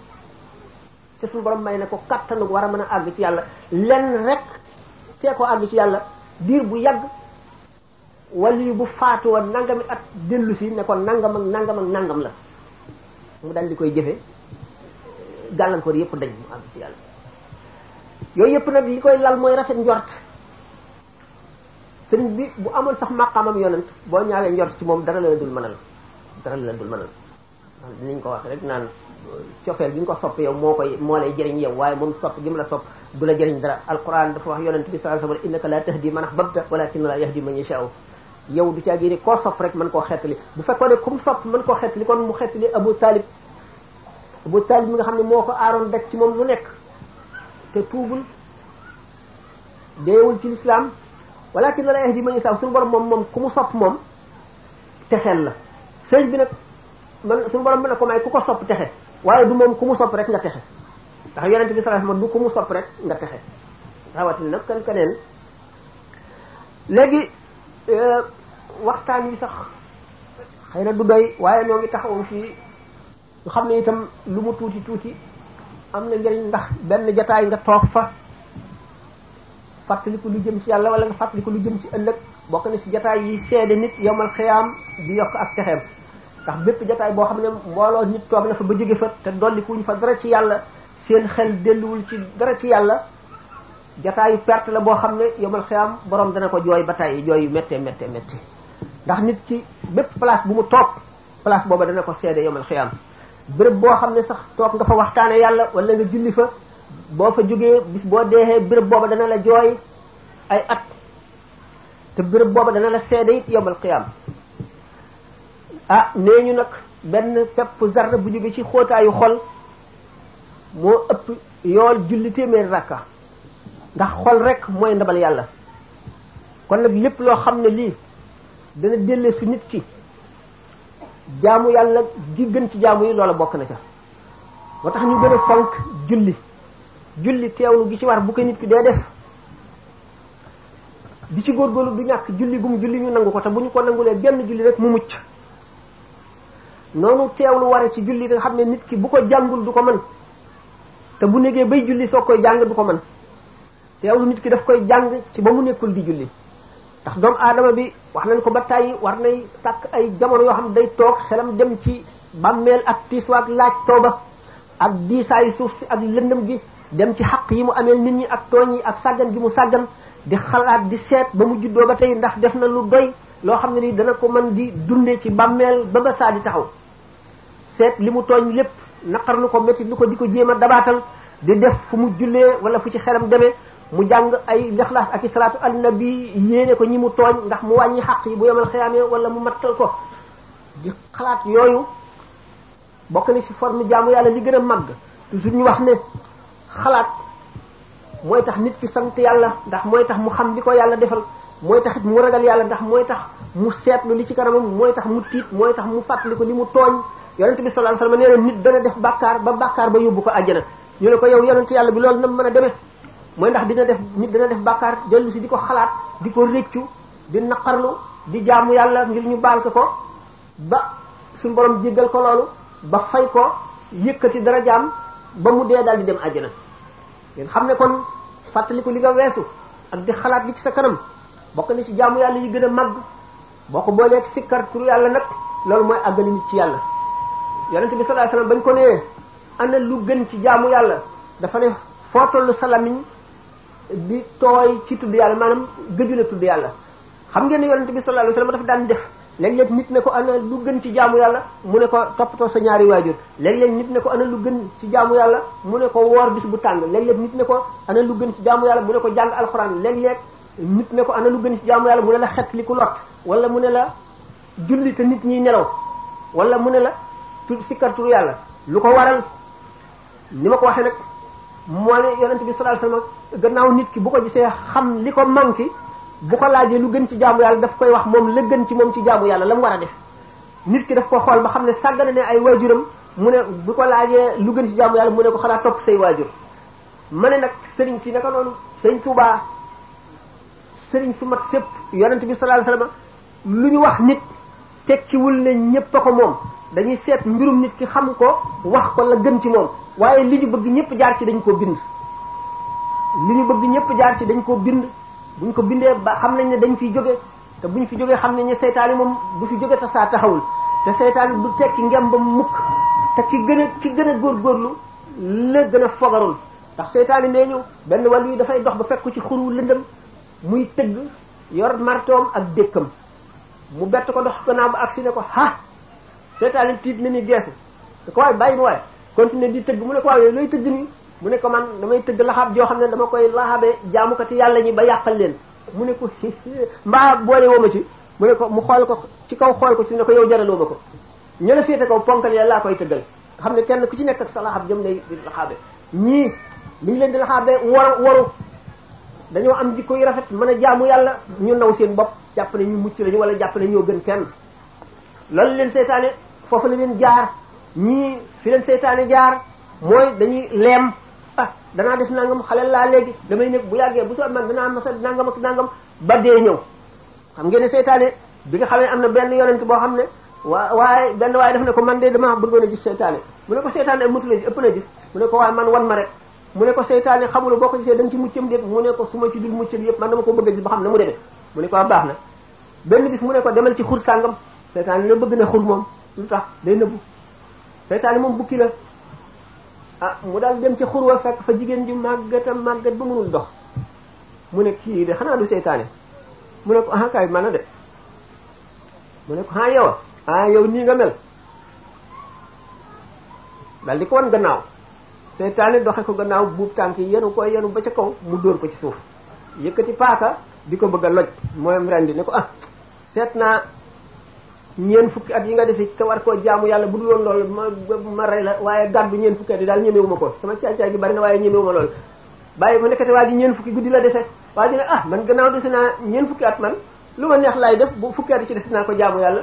te suñu borom may na ko kattanu war a mën a àgg ci yàlla lenn rek cee ko àgg ci yàlla diir bu yàgg wala bu faatu woon nangami at dellu si ne ko nangam ak nangam ak nangam la mu daal di koy jëfe gàllankoor yëpp dañ mu àgg ci yàlla yooyu yëpp nag li koy lal mooy rafet njort sëriñ bi bu amoon sax maqaamam yonent boo ñaawee njort ci moom dara la dul mënal dara la dul mënal dinañ ko wax rek naan cofeel gi nga ko sopp yow moo koy moo lay jëriñ yow waaye moom sopp gi mu la sopp du la jëriñ dara alquran dafa wax yonent bi sallallahu alayhi wa sallam la tahdi man ahbabta walakin la yahdi man yasha'u yow du ci àggee koo sopp rek mën koo xettali bu fekkoon ne ku mu sopp mën koo xettali kon mu xettali Abu Talib Abu Talib mi nga xam ne moo ko aaroon daj ci moom lu nekk te tuubul deewul ci lislaam walakin la yahdi man yashaa suñu borom moom moom ku mu sopp moom texeel la sëñ bi nag man suñu borom mën na ko may ku ko sopp texe waaye du moom ku mu sopp rek nga texe ndax yonente bi sallallahu alayhi wasallam du sopp rek nga texe rawatina nag kan keneen léegi Euh, waxtaan yi sax xëy na du doy waaye ñoo ngi taxawoon fii ñu xam ne itam lu mu tuuti tuuti am na njëriñ ndax benn jataay nga toog fa fàttaliku lu jëm ci yàlla wala nga fàttaliku lu jëm ci ëllëg bokk na ci jataay yi seede nit yomal xiyaam di yokk ak texeem ndax bépp jataay boo xam ne mbooloo nit toog na fa ba jóge fa te dolli kuñ fa dara ci yàlla seen xel delluwul ci dara ci yàlla jataayu perte la boo xam ne yomal xiyaam boroom dana ko jooy ba tàyyi jooy yu mettee méttee métti ndax nit ki bépp place bu mu toog place booba dana ko seede yomal xiyaam béréb boo xam ne sax toog nga fa waxtaane yàlla wala nga julli fa boo fa jógee bis boo deexee bërëb booba dana la jooy ay at te béréb booba dana la seede it yomal xiyaam ah nee ñu nag benn pepp zarra bu jóge ci xóotaayu xol moo ëpp yool julli téeméeri rakka ndax xol rek mooy ndabal yàlla kon nag lépp loo xam ne lii dana déllee su nit ki jaamu yàlla gi gën ci jaamu yi loola bokk na ca moo tax ñu gën a fonk julli julli teewlu gi ci war bu ko nit ki dee def di ci góorgóorlu du ñàkk julli gu mu julli ñu nangu ko te bu ñu ko nangulee benn julli rek mu mucc noonu teewlu ware ci julli nga xam ne nit ki bu ko jàngul du ko mën te bu négee bay julli soo koy jàng du ko mën teewul nit ki daf koy jàng ci ba mu nekkul di julli ndax doomu aadama bi wax nañ ko ba tàyyi war na tàkk ay jamono yoo xam day toog xelam dem ci bàmmeel ak tiiswa ak laaj tooba ak suuf si ak lëndëm gi dem ci xaq yi mu ameel nit ñi ak tooñ yi ak sàggan gi mu sàggan di xalaat di seet ba mu juddoo ba tey ndax def na lu doy loo xam ne ni dana ko mën di dundee ci bàmmeel ba ba saa di seet li mu tooñ lépp naqar lu ko métti lu ko di ko jéem a dabaatal di def fu mu jullee wala fu ci xelam demee mu jàng ay lixlaas ak i salaatu bi yéene ko ñi mu tooñ ndax mu wàññi xaq yi bu yemal xiyaamee wala mu mattal ko di xalaat yooyu bokk ni ci forme jaamu yàlla li gën a màgg yu ñu wax ne xalaat mooy tax nit ki sant yàlla ndax mooy tax mu xam li ko yàlla defal mooy tax it mu ragal yàlla ndax mooy tax mu seetlu li ci kanamam mooy tax mu tiit mooy tax mu fàttali ko li mu tooñ yonent bi sallallahu alayhi wasallam nee na nit dana def bàkkaar ba bàkkaar ba yóbbu ko àjjana ñu ne ko yow yonent yàlla bi loolu nam mën a demee mooy ndax dina def nit dina def bàkkaar dellu si di ko xalaat di ko rëccu di naqarlu di jaamu yàlla ngir ñu baal ko ko ba suñu borom jéggal ko loolu ba fay ko yëkkati dara jaam ba mu dee daal di dem àjjana ngeen xam ne kon fàttaliku li nga weesu ak di xalaat li ci sa kanam bokk na ci jaamu yàlla yi gën a màgg boo ko booleeg sikkar turu yàlla nag loolu mooy àggali nit ci yàlla yonente bi sallallahu alayhi wasallam bañ ko nee ana lu gën ci jaamu yàlla dafa ne foo tollu sa lamiñ di tooy ci tudd yàlla maanaam gëju na tudd yàlla xam ngeen ne yonente bi sallallahu alayhi wasallam dafa daan def léeg-léeg nit ne ko ana lu gën ci jaamu yàlla mu ne ko toppatoo sa ñaari waajur léeg-léeg nit ne ko ana lu gën ci jaamu yàlla mu ne ko woor bis bu tàng léeg-léeg nit ne ko ana lu gën ci jaamu yàlla mu ne ko jàng alxuraan léeg-léeg nit ne ko ana lu gën ci jaamu yàlla mu ne la xet li ku lot wala mu ne la julli te nit ñiy nelaw wala mu ne la tu sikkarturu yàlla lu ko waral ni ma ko waxee nag moo ne yonent bi sallallahu alayhi wasallam gannaaw nit ki bu ko see xam li ko man manqué bu ko laajee lu gën ci jaamu yàlla daf koy wax moom la gën ci moom ci jaamu yàlla la mu war a def nit ki daf ko xool ba xam ne sàggane ne ay waajuram mu ne bu ko laajee lu gën ci jaamu yàlla mu ne ko xanaa topp say waajur ma ne nag sëriñ si naka noonu sëriñ Tuubaa sëriñ su mat sëpp yonent bi sallallahu alayhi wasallam lu ñu wax nit tekkiwul ne ñépp a ko moom dañuy seet mbirum nit ki xam ko wax ko la gën ci moom waaye li ñu bëgg ñëpp jaar ci dañ ko bind li ñu bëgg ñëpp jaar ci dañ ko bind buñ ko bindee ba xam nañ ne dañ fiy jóge te buñ fi jógee xam ne ne seytaane moom bu fi jóge te saa taxawul te seytaane du tekki ngem ba mukk te ki gën a ki gën a góorgóorlu la gën a fogarul ndax seytaane nee ñëw benn wàll yi dafay dox ba fekku ci xuru lëndëm muy tëgg yor martoom ak dëkkam mu bett ko dox gannaaw ba agsi ko ha seetaan tiit na ni geesu te ko waaye bàyyi mu waaye continuer di tëgg mu ne ko waaye looy tëgg nii mu ne ko man damay tëgg laxaab joo xam ne dama koy laxaabee jaamukati yàlla ñi ba yàqal leen mu ne ko mbaa boole woo ma ci mu ne ko mu xool ko ci kaw xool ko ci ne ko yow jaraloo ma ko ñu la féete kaw ponkal yàlla laa koy tëggal xam ne kenn ku ci nekk ak sa laxaab jëm lay di laxaabe ñii mu ñu leen di laxaabe war waru dañoo am jikko yu rafet mën a jaamu yàlla ñu naw seen bopp jàpp ne ñu mucc lañu wala jàpp ne ñoo gën kenn loolu leen seytaane foofu la leen jaar ñii fi leen seytaane jaar mooy dañuy leem ah danaa def nangam xale laa léegi damay nekk bu yàggee bu soo man danaa mas a nangam ak nangam ba dee ñëw xam ngeen ne seytaane bi nga xamee am na benn yonent boo xam ne benn waaye daf ne ko man a gis seytaane mu ne ko seytaane mutu la ëpp na gis ko waaye man wan ma rek mu boo ko gisee da ci muccam déet mu ne ko su ma ci muccam yëpp man dama ko bëgg a gis ba xam ne mu demee mu ne ko am ah, baax na benn bis mu ne ko demal ci xur sàngam seytaane la bëgg na xur moom lu tax day nëbbu seytaane moom bukki la ah mu daal dem ci xurwa fekk fa jigéen ji màggata màggat ba mënul dox mu ne kii de xanaa du seytaane mu ne ko ah a de mu ne ko ah yow ah, yow nii nga di ko wan gannaaw seytaane doxe ko gannaaw buub tànk yi ko yenu ba ca kaw mu dóor ci suuf yëkkati paaka di ko bëgg a loj mooy rendi ne ko ah seet naa ñeen fukki at yi nga defe te war koo jaamu yàlla bu dul loolu ma ma rey la waaye gàddu ñeen fukki at yi daal ñemewuma ko sama caay-caay gi bari na waaye ñemewuma loolu bàyyi ma nekkate waa fukki guddi la defe waa ah, naa ñeen fukki at man lu ma neex laay def bu fukki at yi ci des naa ko jaamu yàlla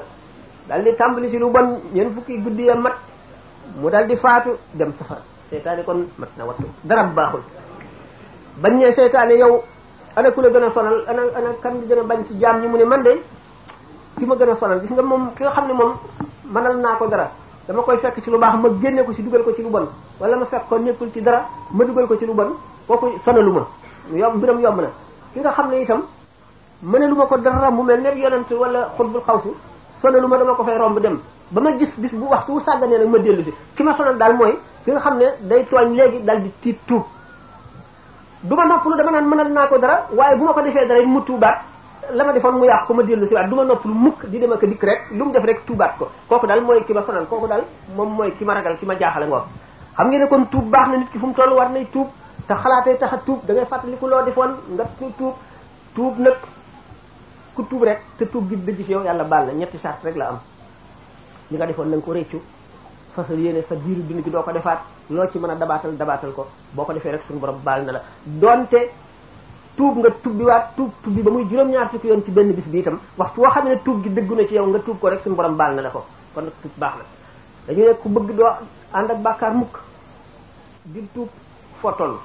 daal di tàmbali si lu bon ñeen fukki guddi ya mat mu daal di faatu dem safar seytaane kon mat na wattu dara baaxul bañ ne seytaane yow ana ku la gën a sonal ana ana kan gën a bañ ci jaam ñi mu ne man de ki ma gën a sonal gis nga moom ki nga xam ne moom mënal naa ko dara dama koy fekk ci lu baax ma génne ko ci dugal ko ci lu bon wala ma fekk ko nekkul ci dara ma dugal ko ci lu bon kooku sonalu ma yomb mbiram yomb na ki nga xam ne itam mëne lu ma ko dara mu mel ne yonent wala xutbul xawsu sonalu ma dama ko fay romb dem ba ma gis bis bu waxtu wu sàgganee nag ma dellu si ki ma sonal daal mooy ki nga xam ne day tooñ léegi daal di tiit tuub du ma noppalu dama naan mënal naa ko dara waaye bu ma ko defee dara mu tuubaat la ma defoon mu yàq ko ma dellu si waat du ma nopp lu mukk di dem ak dikk rek lu mu def rek tuubaat ko kooku daal mooy ki ma sonal kooku daal moom mooy ki ma ragal ki ma jaaxale ngoon xam ngeen ne kon tuub baax na nit ki fu mu toll war nay tuub te xalaatee tax a tuub da ngay fàttaliku loo defoon ku tuub rek te tuub gi dëgg ci yow yàlla baal na ñetti charte rek la am li nga defoon na nga ko réccu fasal yéene sa biiru dund gi doo ko defaat loo ci mën a dabaatal dabaatal ko boo ko defee rek suñu borom baal na la tuub nga tubbiwaat tuub tubbi ba muy juróom-ñaar fukki yoon ci benn bis bi itam waxtu woo xam ne tuub gi dëggu na ci yow nga tuub ko rek suñu borom baal na la ko kon nag tuub baax na dañu ne ku bëgg doo ànd ak bàkkaar mukk di tuub fotol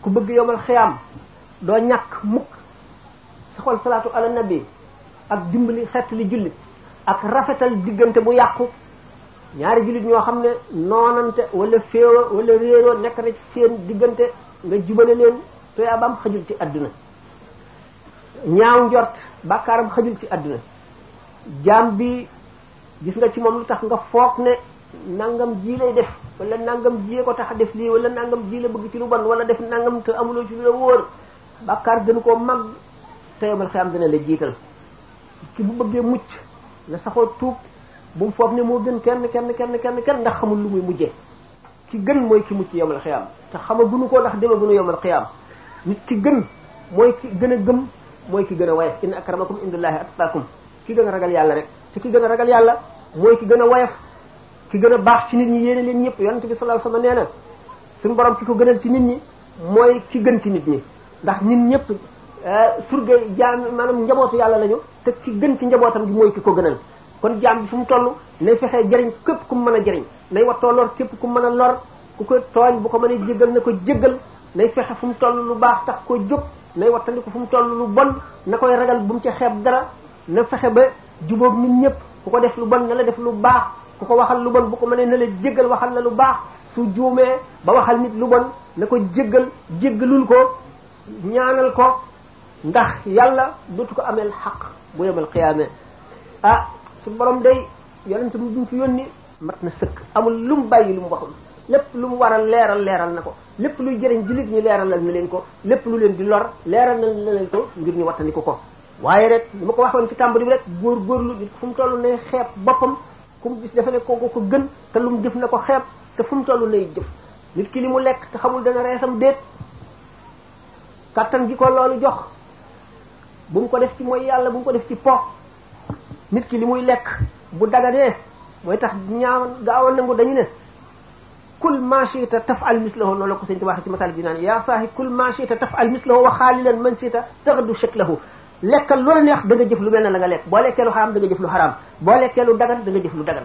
ku bëgg yomal xiyaam doo ñàkk mukk sa xol salaatu ala nabi ak dimbali xett li jullit ak rafetal diggante bu yàqu ñaari jullit ñoo xam ne noonante wala féewa wala réeroo nekk ci seen diggante nga jubale leen tuyaabaam xajul ci àdduna ñaaw njort bàkkaaram xajul ci àdduna jaam bi gis nga ci moom lu tax nga foog ne nangam jii lay def wala nangam jiyee ko tax a def lii wala nangam la bëgg ci lu bon wala def nangam te amuloo ci lu la wóor bàkkaar gën koo mag te yomal xiyam dina la jiital ki bu bëggee mucc la saxoo tuub bu mu foog ne moo gën kenn kenn kenn kenn kenn ndax xamul lu muy mujje ki gën mooy ki mucc yomal xiyam te xamaguñu ko ndax demaguñu yomal xiyam nit ki gën mooy ki gën a gëm mooy ki gën a woyof inna akramakum indallahi atqakum ki gën a ragal yàlla rek te ki gën a ragal yàlla mooy ki gën a woyof ki gën a baax ci nit ñi yéene leen ñëpp yonent bi sallallahu alayhi wasallam nee na suñu borom ki ko gënal ci nit ñi mooy ki nit ñi ndax nit ñëpp eh, surga jaam maanaam njabootu yàlla lañu te ki gën ci njabootam gi mooy ki ko gënal kon jaam bi fu mu toll nay fexee jariñ képp ku mu mën a jariñ nay wattoo lor képp ku mën a lor ku ko tooñ bu ko mënee jéggal na ko jéggal nay fexe fu mu toll lu baax tax ko jóg nay wattandiku fu mu toll lu bon na koy ragal bu mu ci xeeb dara na fexe ba jubóog nit ñëpp ku ko def lu bon na la def lu baax ku ko waxal lu bon bu ko mënee na la jéggal waxal la lu baax su juumee ba waxal nit lu bon na ko jéggal jéggalul ko ñaanal ko ndax yàlla dootu ko amee xaq bu yemal xiyaamee ah su borom day yonent bi mu fi yónni mat na sëkk amul lu mu bàyyi lu mu waxul lépp lu mu war leeral leeral na ko lépp luy jëriñ jullit ñi leeral na leen ko lépp lu leen di lor leeral na leen ko ngir ñu wattandiku ko waaye rek li ma ko waxoon ci tàmbali bi rek góor góorlu nit fu ne xeeb boppam ku mu gis ko gën te lu jëf na ko xeeb te fu mu toll nay nit ki li mu lekk te xamul dana reesam déet kattan gi ko loolu jox bu mu ko def ci mooy yàlla bu mu ko def ci po nit ki li muy lekk bu daganee mooy tax ñaaw gaaw a nangu dañu ne kul ma shi'ta taf'al mislahu noonu la ko sëñ bi waxee ci masal bi naan yaa saahi kul ma shi'ta taf'al mislahu wa xaalilan man shi'ta taxdu shaklahu lekkal lu la neex da nga jëf lu mel ne la nga lekk boo lekkee lu xaraam da nga jëf lu xaraam boo lekkee lu dagan da nga jëf lu dagan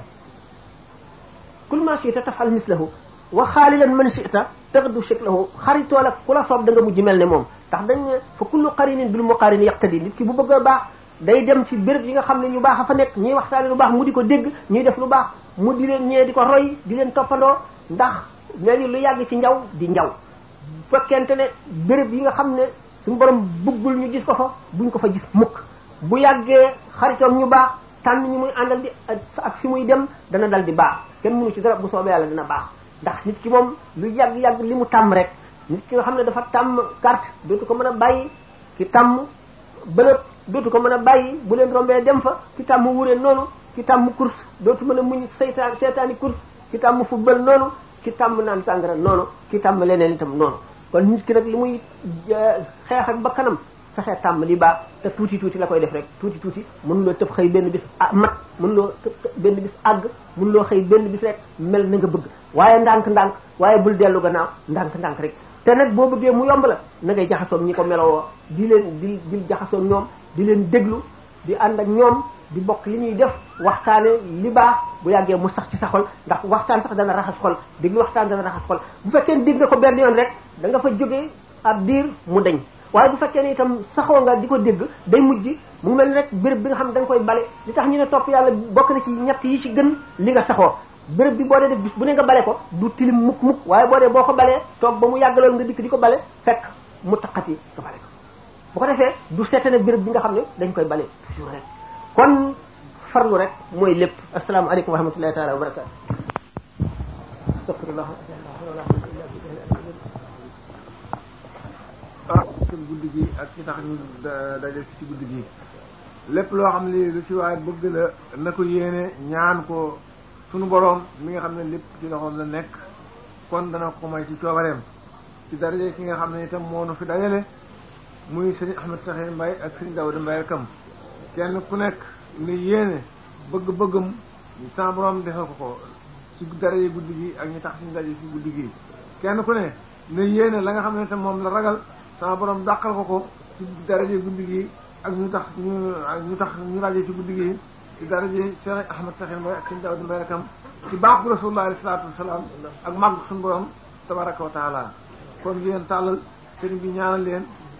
kul ma shi'ta taf'al mislahu wa xaalilan man shi'ta taxdu shaklahu xaritool ak ku la soob da nga mujj mel ne moom ndax dañ fa kullu qarinin bil muqarin yaqtadi nit ki bu bëgg a baax day dem ci béréb yi nga xam ne ñu baax a fa nekk ñuy waxtaane lu baax mu di ko dégg ñuy def lu baax mu di leen ñee di ko roy di leen toppandoo ndax nee ñu lu yàgg ci njaw di njaw fekkente ne béréb yi nga xam ne su borom bëggul ñu gis ko fa buñ ko fa gis mukk bu yàggee xaritoom ñu baax tànn ñu muy àndal di ak si muy dem dana dal di baax kenn mënu ci dara bu soobee yàlla dina baax ndax nit ki moom lu yàgg-yàgg li mu tàmm rek nit ki nga xam ne dafa tàmm carte dootu ko mën a bàyyi ki tàmm bëlëb dootu ko mën a bàyyi bu leen rombee dem fa ki tàmm wuree noonu ki tàmm course dootu mën a muñ seytaan seetaani course ki tàmm football noonu ki tàmm naan sàngara noonu ki tàmm leneen itam noonu kon nit ki nag li muy xeex ak bakkanam fexe tàmm li baax te tuuti tuuti la koy def rek tuuti tuuti loo tëb xëy benn bis mat loo tëb benn bis àgg mënuloo xëy benn bis rek mel na nga bëgg waaye ndànk-ndànk waaye bul dellu gannaaw ndànk-ndànk rek te nag boo bëggee mu yomb la na ngay jaxasoon ñi ko meloo di leen di di jaxasoon ñoom di leen déglu di ànd ak ñoom di bokk li ñuy def waxtaane li baax bu yàggee mu sax ci sa xol ndax waxtaan sax dana raxas xol déglu waxtaan dana raxas xol bu fekkee dégg nga ko benn yoon rek danga fa jógee ab biir mu dañ waaye bu fekkee ne itam saxoo nga di ko dégg day mujj mu mel ni rek bërëb bi nga xam ne da koy bale li tax ñu ne topp yàlla bokk na ci ñett yi ci gën li nga saxoo béréb bi boo dee def bis bu ne nga bale ko du tilim mukk mukk waaye boo dee boo ko balee toog ba mu yàgg loolu nga dikk di ko bale fekk mu taqati nga bale bu ko defee du seetane béréb bi nga xam ne dañ koy bale toujours rek kon farlu rek mooy lépp asalaamaaleykum wa rahmatullahi taala wa barakaatu astafirullah ah, seen guddi gi ak ci tax ñu daje ci guddi gi lépp loo xam ne lu ci waaye bëgg la na ko yéene ñaan ko sunu boroom mi nga xam ne lépp ci loxoom la nekk kon dana ko may ci coobareem ci daraje ki nga xam ne itam moo nu fi dajale muy sëriñ Ahmed Saxir mbay ak sëriñ Daouda mbay kam kenn ku nekk li yéene bëgg-bëggam sa borom defal ko ko ci daraje guddi gi ak ñu tax suñu daje ci guddi ku ne ne yéene la nga xam ne te moom la ragal sa borom dàqal ko ko ci daraje guddi gi ak ñu tax ñu ak ñu tax ñu raje ci guddi gi ci daraje Cheikh Ahmed Saxir Mbaye ak sëriñ Daouda Mbaye kam ci baaxu rasulullah alayhi salaatu wasalaam ak màgg suñu borom tabaraka wa taala kon yéen tàllal sëriñ bi ñaanal leen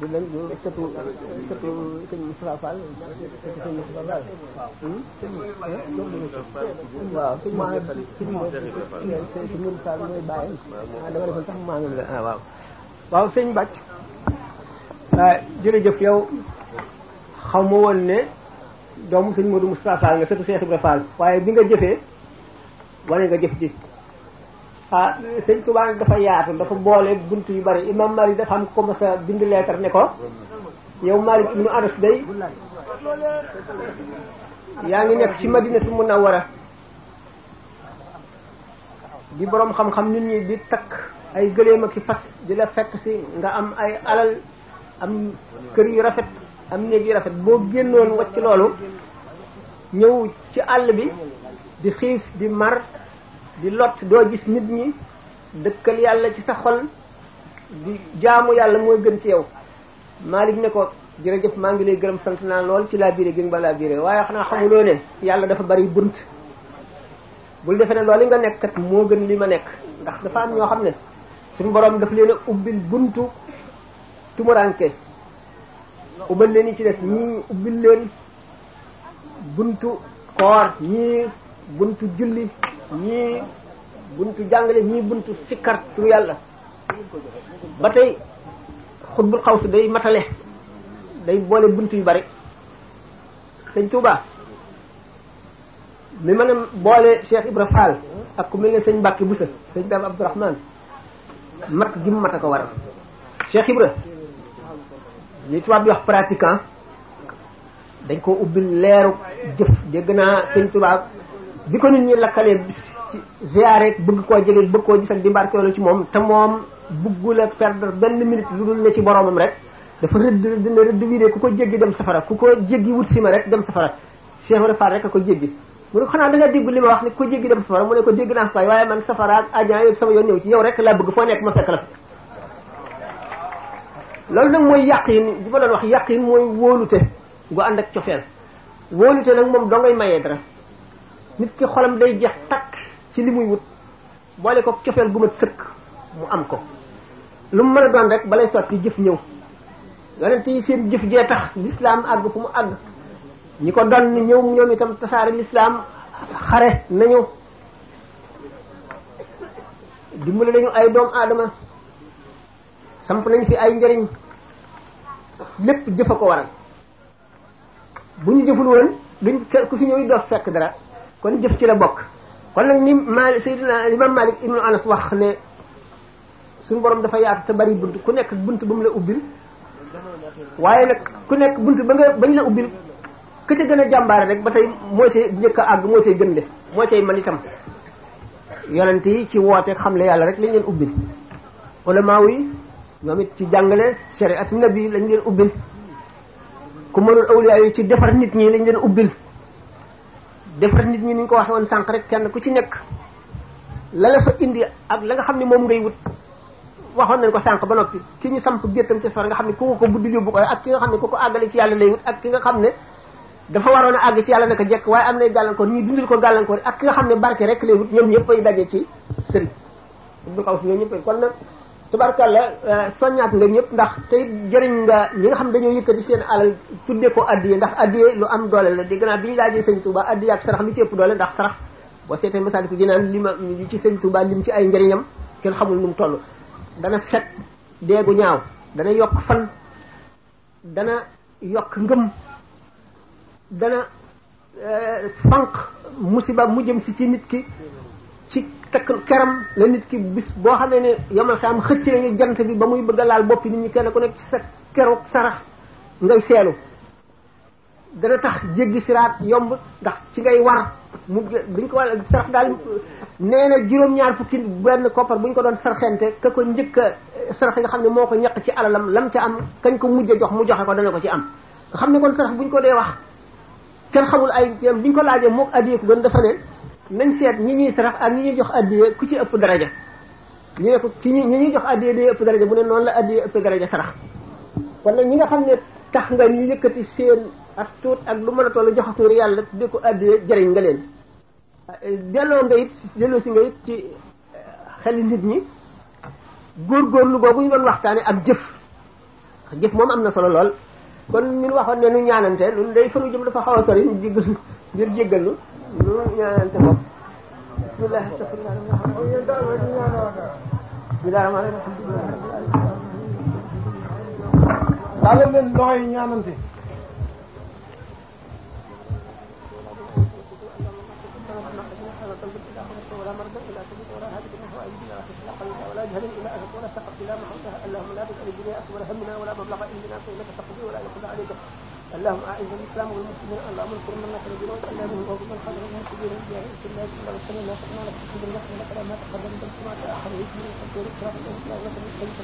du leen du sëtu sëtu sëñ Moustapha Fall sëtu sëñ Moustapha Fall. waaw sëñ Moustapha Fall sëñ Moustapha Fall mooy xaw ma woon ne doomu sëñ Modou Moustapha Fall nga sëtu Cheikh Ibrahima waaye bi nga jëfee wane nga jëf ji. ah sëñ Tuubaa dafa yaatu dafa boole bunt yu bari imam dafa am commencé bind leetar ne ko yow Malik ibnu Anas day yaa ngi nekk ci Madinatu Munawwara di boroom xam-xam nit ñi di takk ay gëléem ak i fas di la fekk si nga am ay alal am kër yu rafet am néeg rafet boo génnoon wacc loolu ñëw ci àll bi di xiif di mar di lot doo gis nit ñi dëkkal yàlla ci sa xol di jaamu yàlla mooy gën ci yow Malick ne ko jërëjëf maa ngi lay gën sant naa lool ci laabire gi nga ba laabire waaye xanaa xamuloo ne yàlla dafa bari bunt bul defee ne loolu nga nekk moo gën li ma nekk ndax dafa am ñoo xam ne suñu boroom daf leen a ubbil buntu tumuranke ubbal leen yi ci des ñii ubbil leen buntu koor ñii buntu julli ñii buntu jàngale ñii buntu sikkar turu yàlla ba tey xutbul xawsu day matale day boole buntu yu bari sëñ Touba mi mën a boole Cheikh Ibra Fall ak ku mel ne sëñ Mbacke Boussa sëñ Dame Abdourahmane mat gi mu mat a ko waral Cheikh Ibra li tubaab bi wax dañ koo ubbil leeru jëf dégg naa sëñ Touba bi ko nit ñi lakkalee ziare bëgg koo jege bëgg koo gis ak di mbarkeelu ci moom te moom bëggul a perdre benn minute lu dul ne ci boromam rek dafa rëdd rëdd ne rëdd bii de ku ko jéggi dem safara ku ko jéggi wut si ma rek dem safara Cheikh Ibra rek a ko jéggi mu ne xanaa da nga dégg li ma wax ne ku ko jéggi dem safara mu ne ko dégg naa sax waaye man safara ak ajaan yëpp sama yoon ñëw ci yow rek laa bëgg foo nekk ma fekk la loolu nag mooy yàqin bi ma doon wax yàqin mooy wóolute gu ànd ak cofeel wóolute nag moom doo ngay mayee dara nit ki xolam day jeex takk ci li muy wut boole ko cofeel gu ma sëkk mu am ko lu mu mën a doon rek balay sotti jëf ñëw yonent yi seen jëf jee tax lislaam àgg fu mu àgg ñi ko doon ni ñëw ñoom itam tasaare lislaam xare nañu dimbali nañu ay doom aadama samp nañ fi ay njëriñ lépp jëf a ko waral bu ñu jëful woon duñ ku fi ñëw doo fekk dara kon jëf ci la bokk kon nag ni ma Seydina Imam Malik ibnu Anas wax ne suñu borom dafa yaatu te bari bunt ku nekk bunt ba mu la ubbil waaye nag ku nekk bunt ba bañ la ubbil ka ca gën a jàmbaare rek ba tey moo cay njëkk a àgg moo cay gën le moo cay man itam yonent yi ci woote xam le yàlla rek lañ leen ubbil ulama yi ñoom it ci jàngale shariat nabi lañ leen ubbil ku mënul awliya yi ci defar nit ñi lañ leen ubbil defar nit ñi ni ñu ko waxee woon sànq rek kenn ku ci nekk la la fa indi ak la nga xam ne moom ngay wut waxoon nañ ko sànq ba noppi ki ñu samp géttam ci safara nga xam ne ku ko ko buddi yóbbu ko ak ki nga xam ne ku ko àggale ci yàlla lay wut ak ki nga xam ne dafa waroon a àgg ci yàlla naka jekk waaye am nay gàllankoor ñuy dundal ko gàllankoor ak ki nga xam ne barke rek lay wut ñoom ñëpp ay daje ci sëriñ Ibnu Xaws ñoom ñëpp kon nag tubarkalla euh, soññaat nga ñëpp ndax tey jëriñ nga ñi nga xam dañoo yëkkati seen alal tudde ko addiye ndax addiye lu am doole la dégg naa bi ñu laajee sëñ Touba addiye ak sarax lu ci ëpp doole ndax sarax boo seetee masaali ko jinaan li ma li ci sëñ Touba lim ci ay njëriñam kenn xamul nu mu toll dana fet deegu ñaaw dana yokk fan dana yokk ngëm dana euh, fanq musiba mu jëm si ci nit ki ci takk keram la nit ki bis boo xamee ne yomal xam xëcc nañu jant bi ba muy bëgg a laal boppi nit ñi kenn ku nekk ci sa keroog sarax ngay seelu dana tax jéggi siraat yomb ndax ci ngay war mu buñ ko wàll sarax daal nee na juróom-ñaar fukki benn koppar bu ñu ko doon sarxente ka ko njëkk a sarax nga xam ne moo ko ñaq ci alalam lam ca am kañ ko mujj jox mu joxe ko dana ko ci am nga xam ne kon sarax bu ñu ko dee wax kenn xamul ay buñ ko laajee mook addiyeeku gën dafa ne nañ seet ñi ñuy sarax ak ñi ñuy jox addiya ku ci ëpp daraja ñu ne ko ki ñi ñuy jox addiya day ëpp daraja mu ne noonu la addiya ëpp daraja sarax wala ñi nga xam ne tax nga ñu yëkkati seen ak tuut ak lu mën a toll jox tuur yàlla di ko addiya jëriñ nga leen delloo nga it delloo si nga it ci eh, xeli nit ñi góorgóorlu boobu ñu doon waxtaane ak jëf jëf moom am na solo lool kon ñun waxoon ne nu ñaanante lu day fanu jëm dafa xaw a sori ngir jéggalu lu yonente bopp bismillah astaghfirullah bismillah rahmaan rahim daal leen loxo yi ñaanante اللهم اعز الاسلام والمسلمين اللهم انصر من نصر دينه واجعل منهم عقب من خذل المسلمين بجاه رسول الله صلى الله عليه وسلم لا تقنع لك في النصر لك ما تقدم ذنبك ما تاخر ويجزي الحق والاسراء والاسلام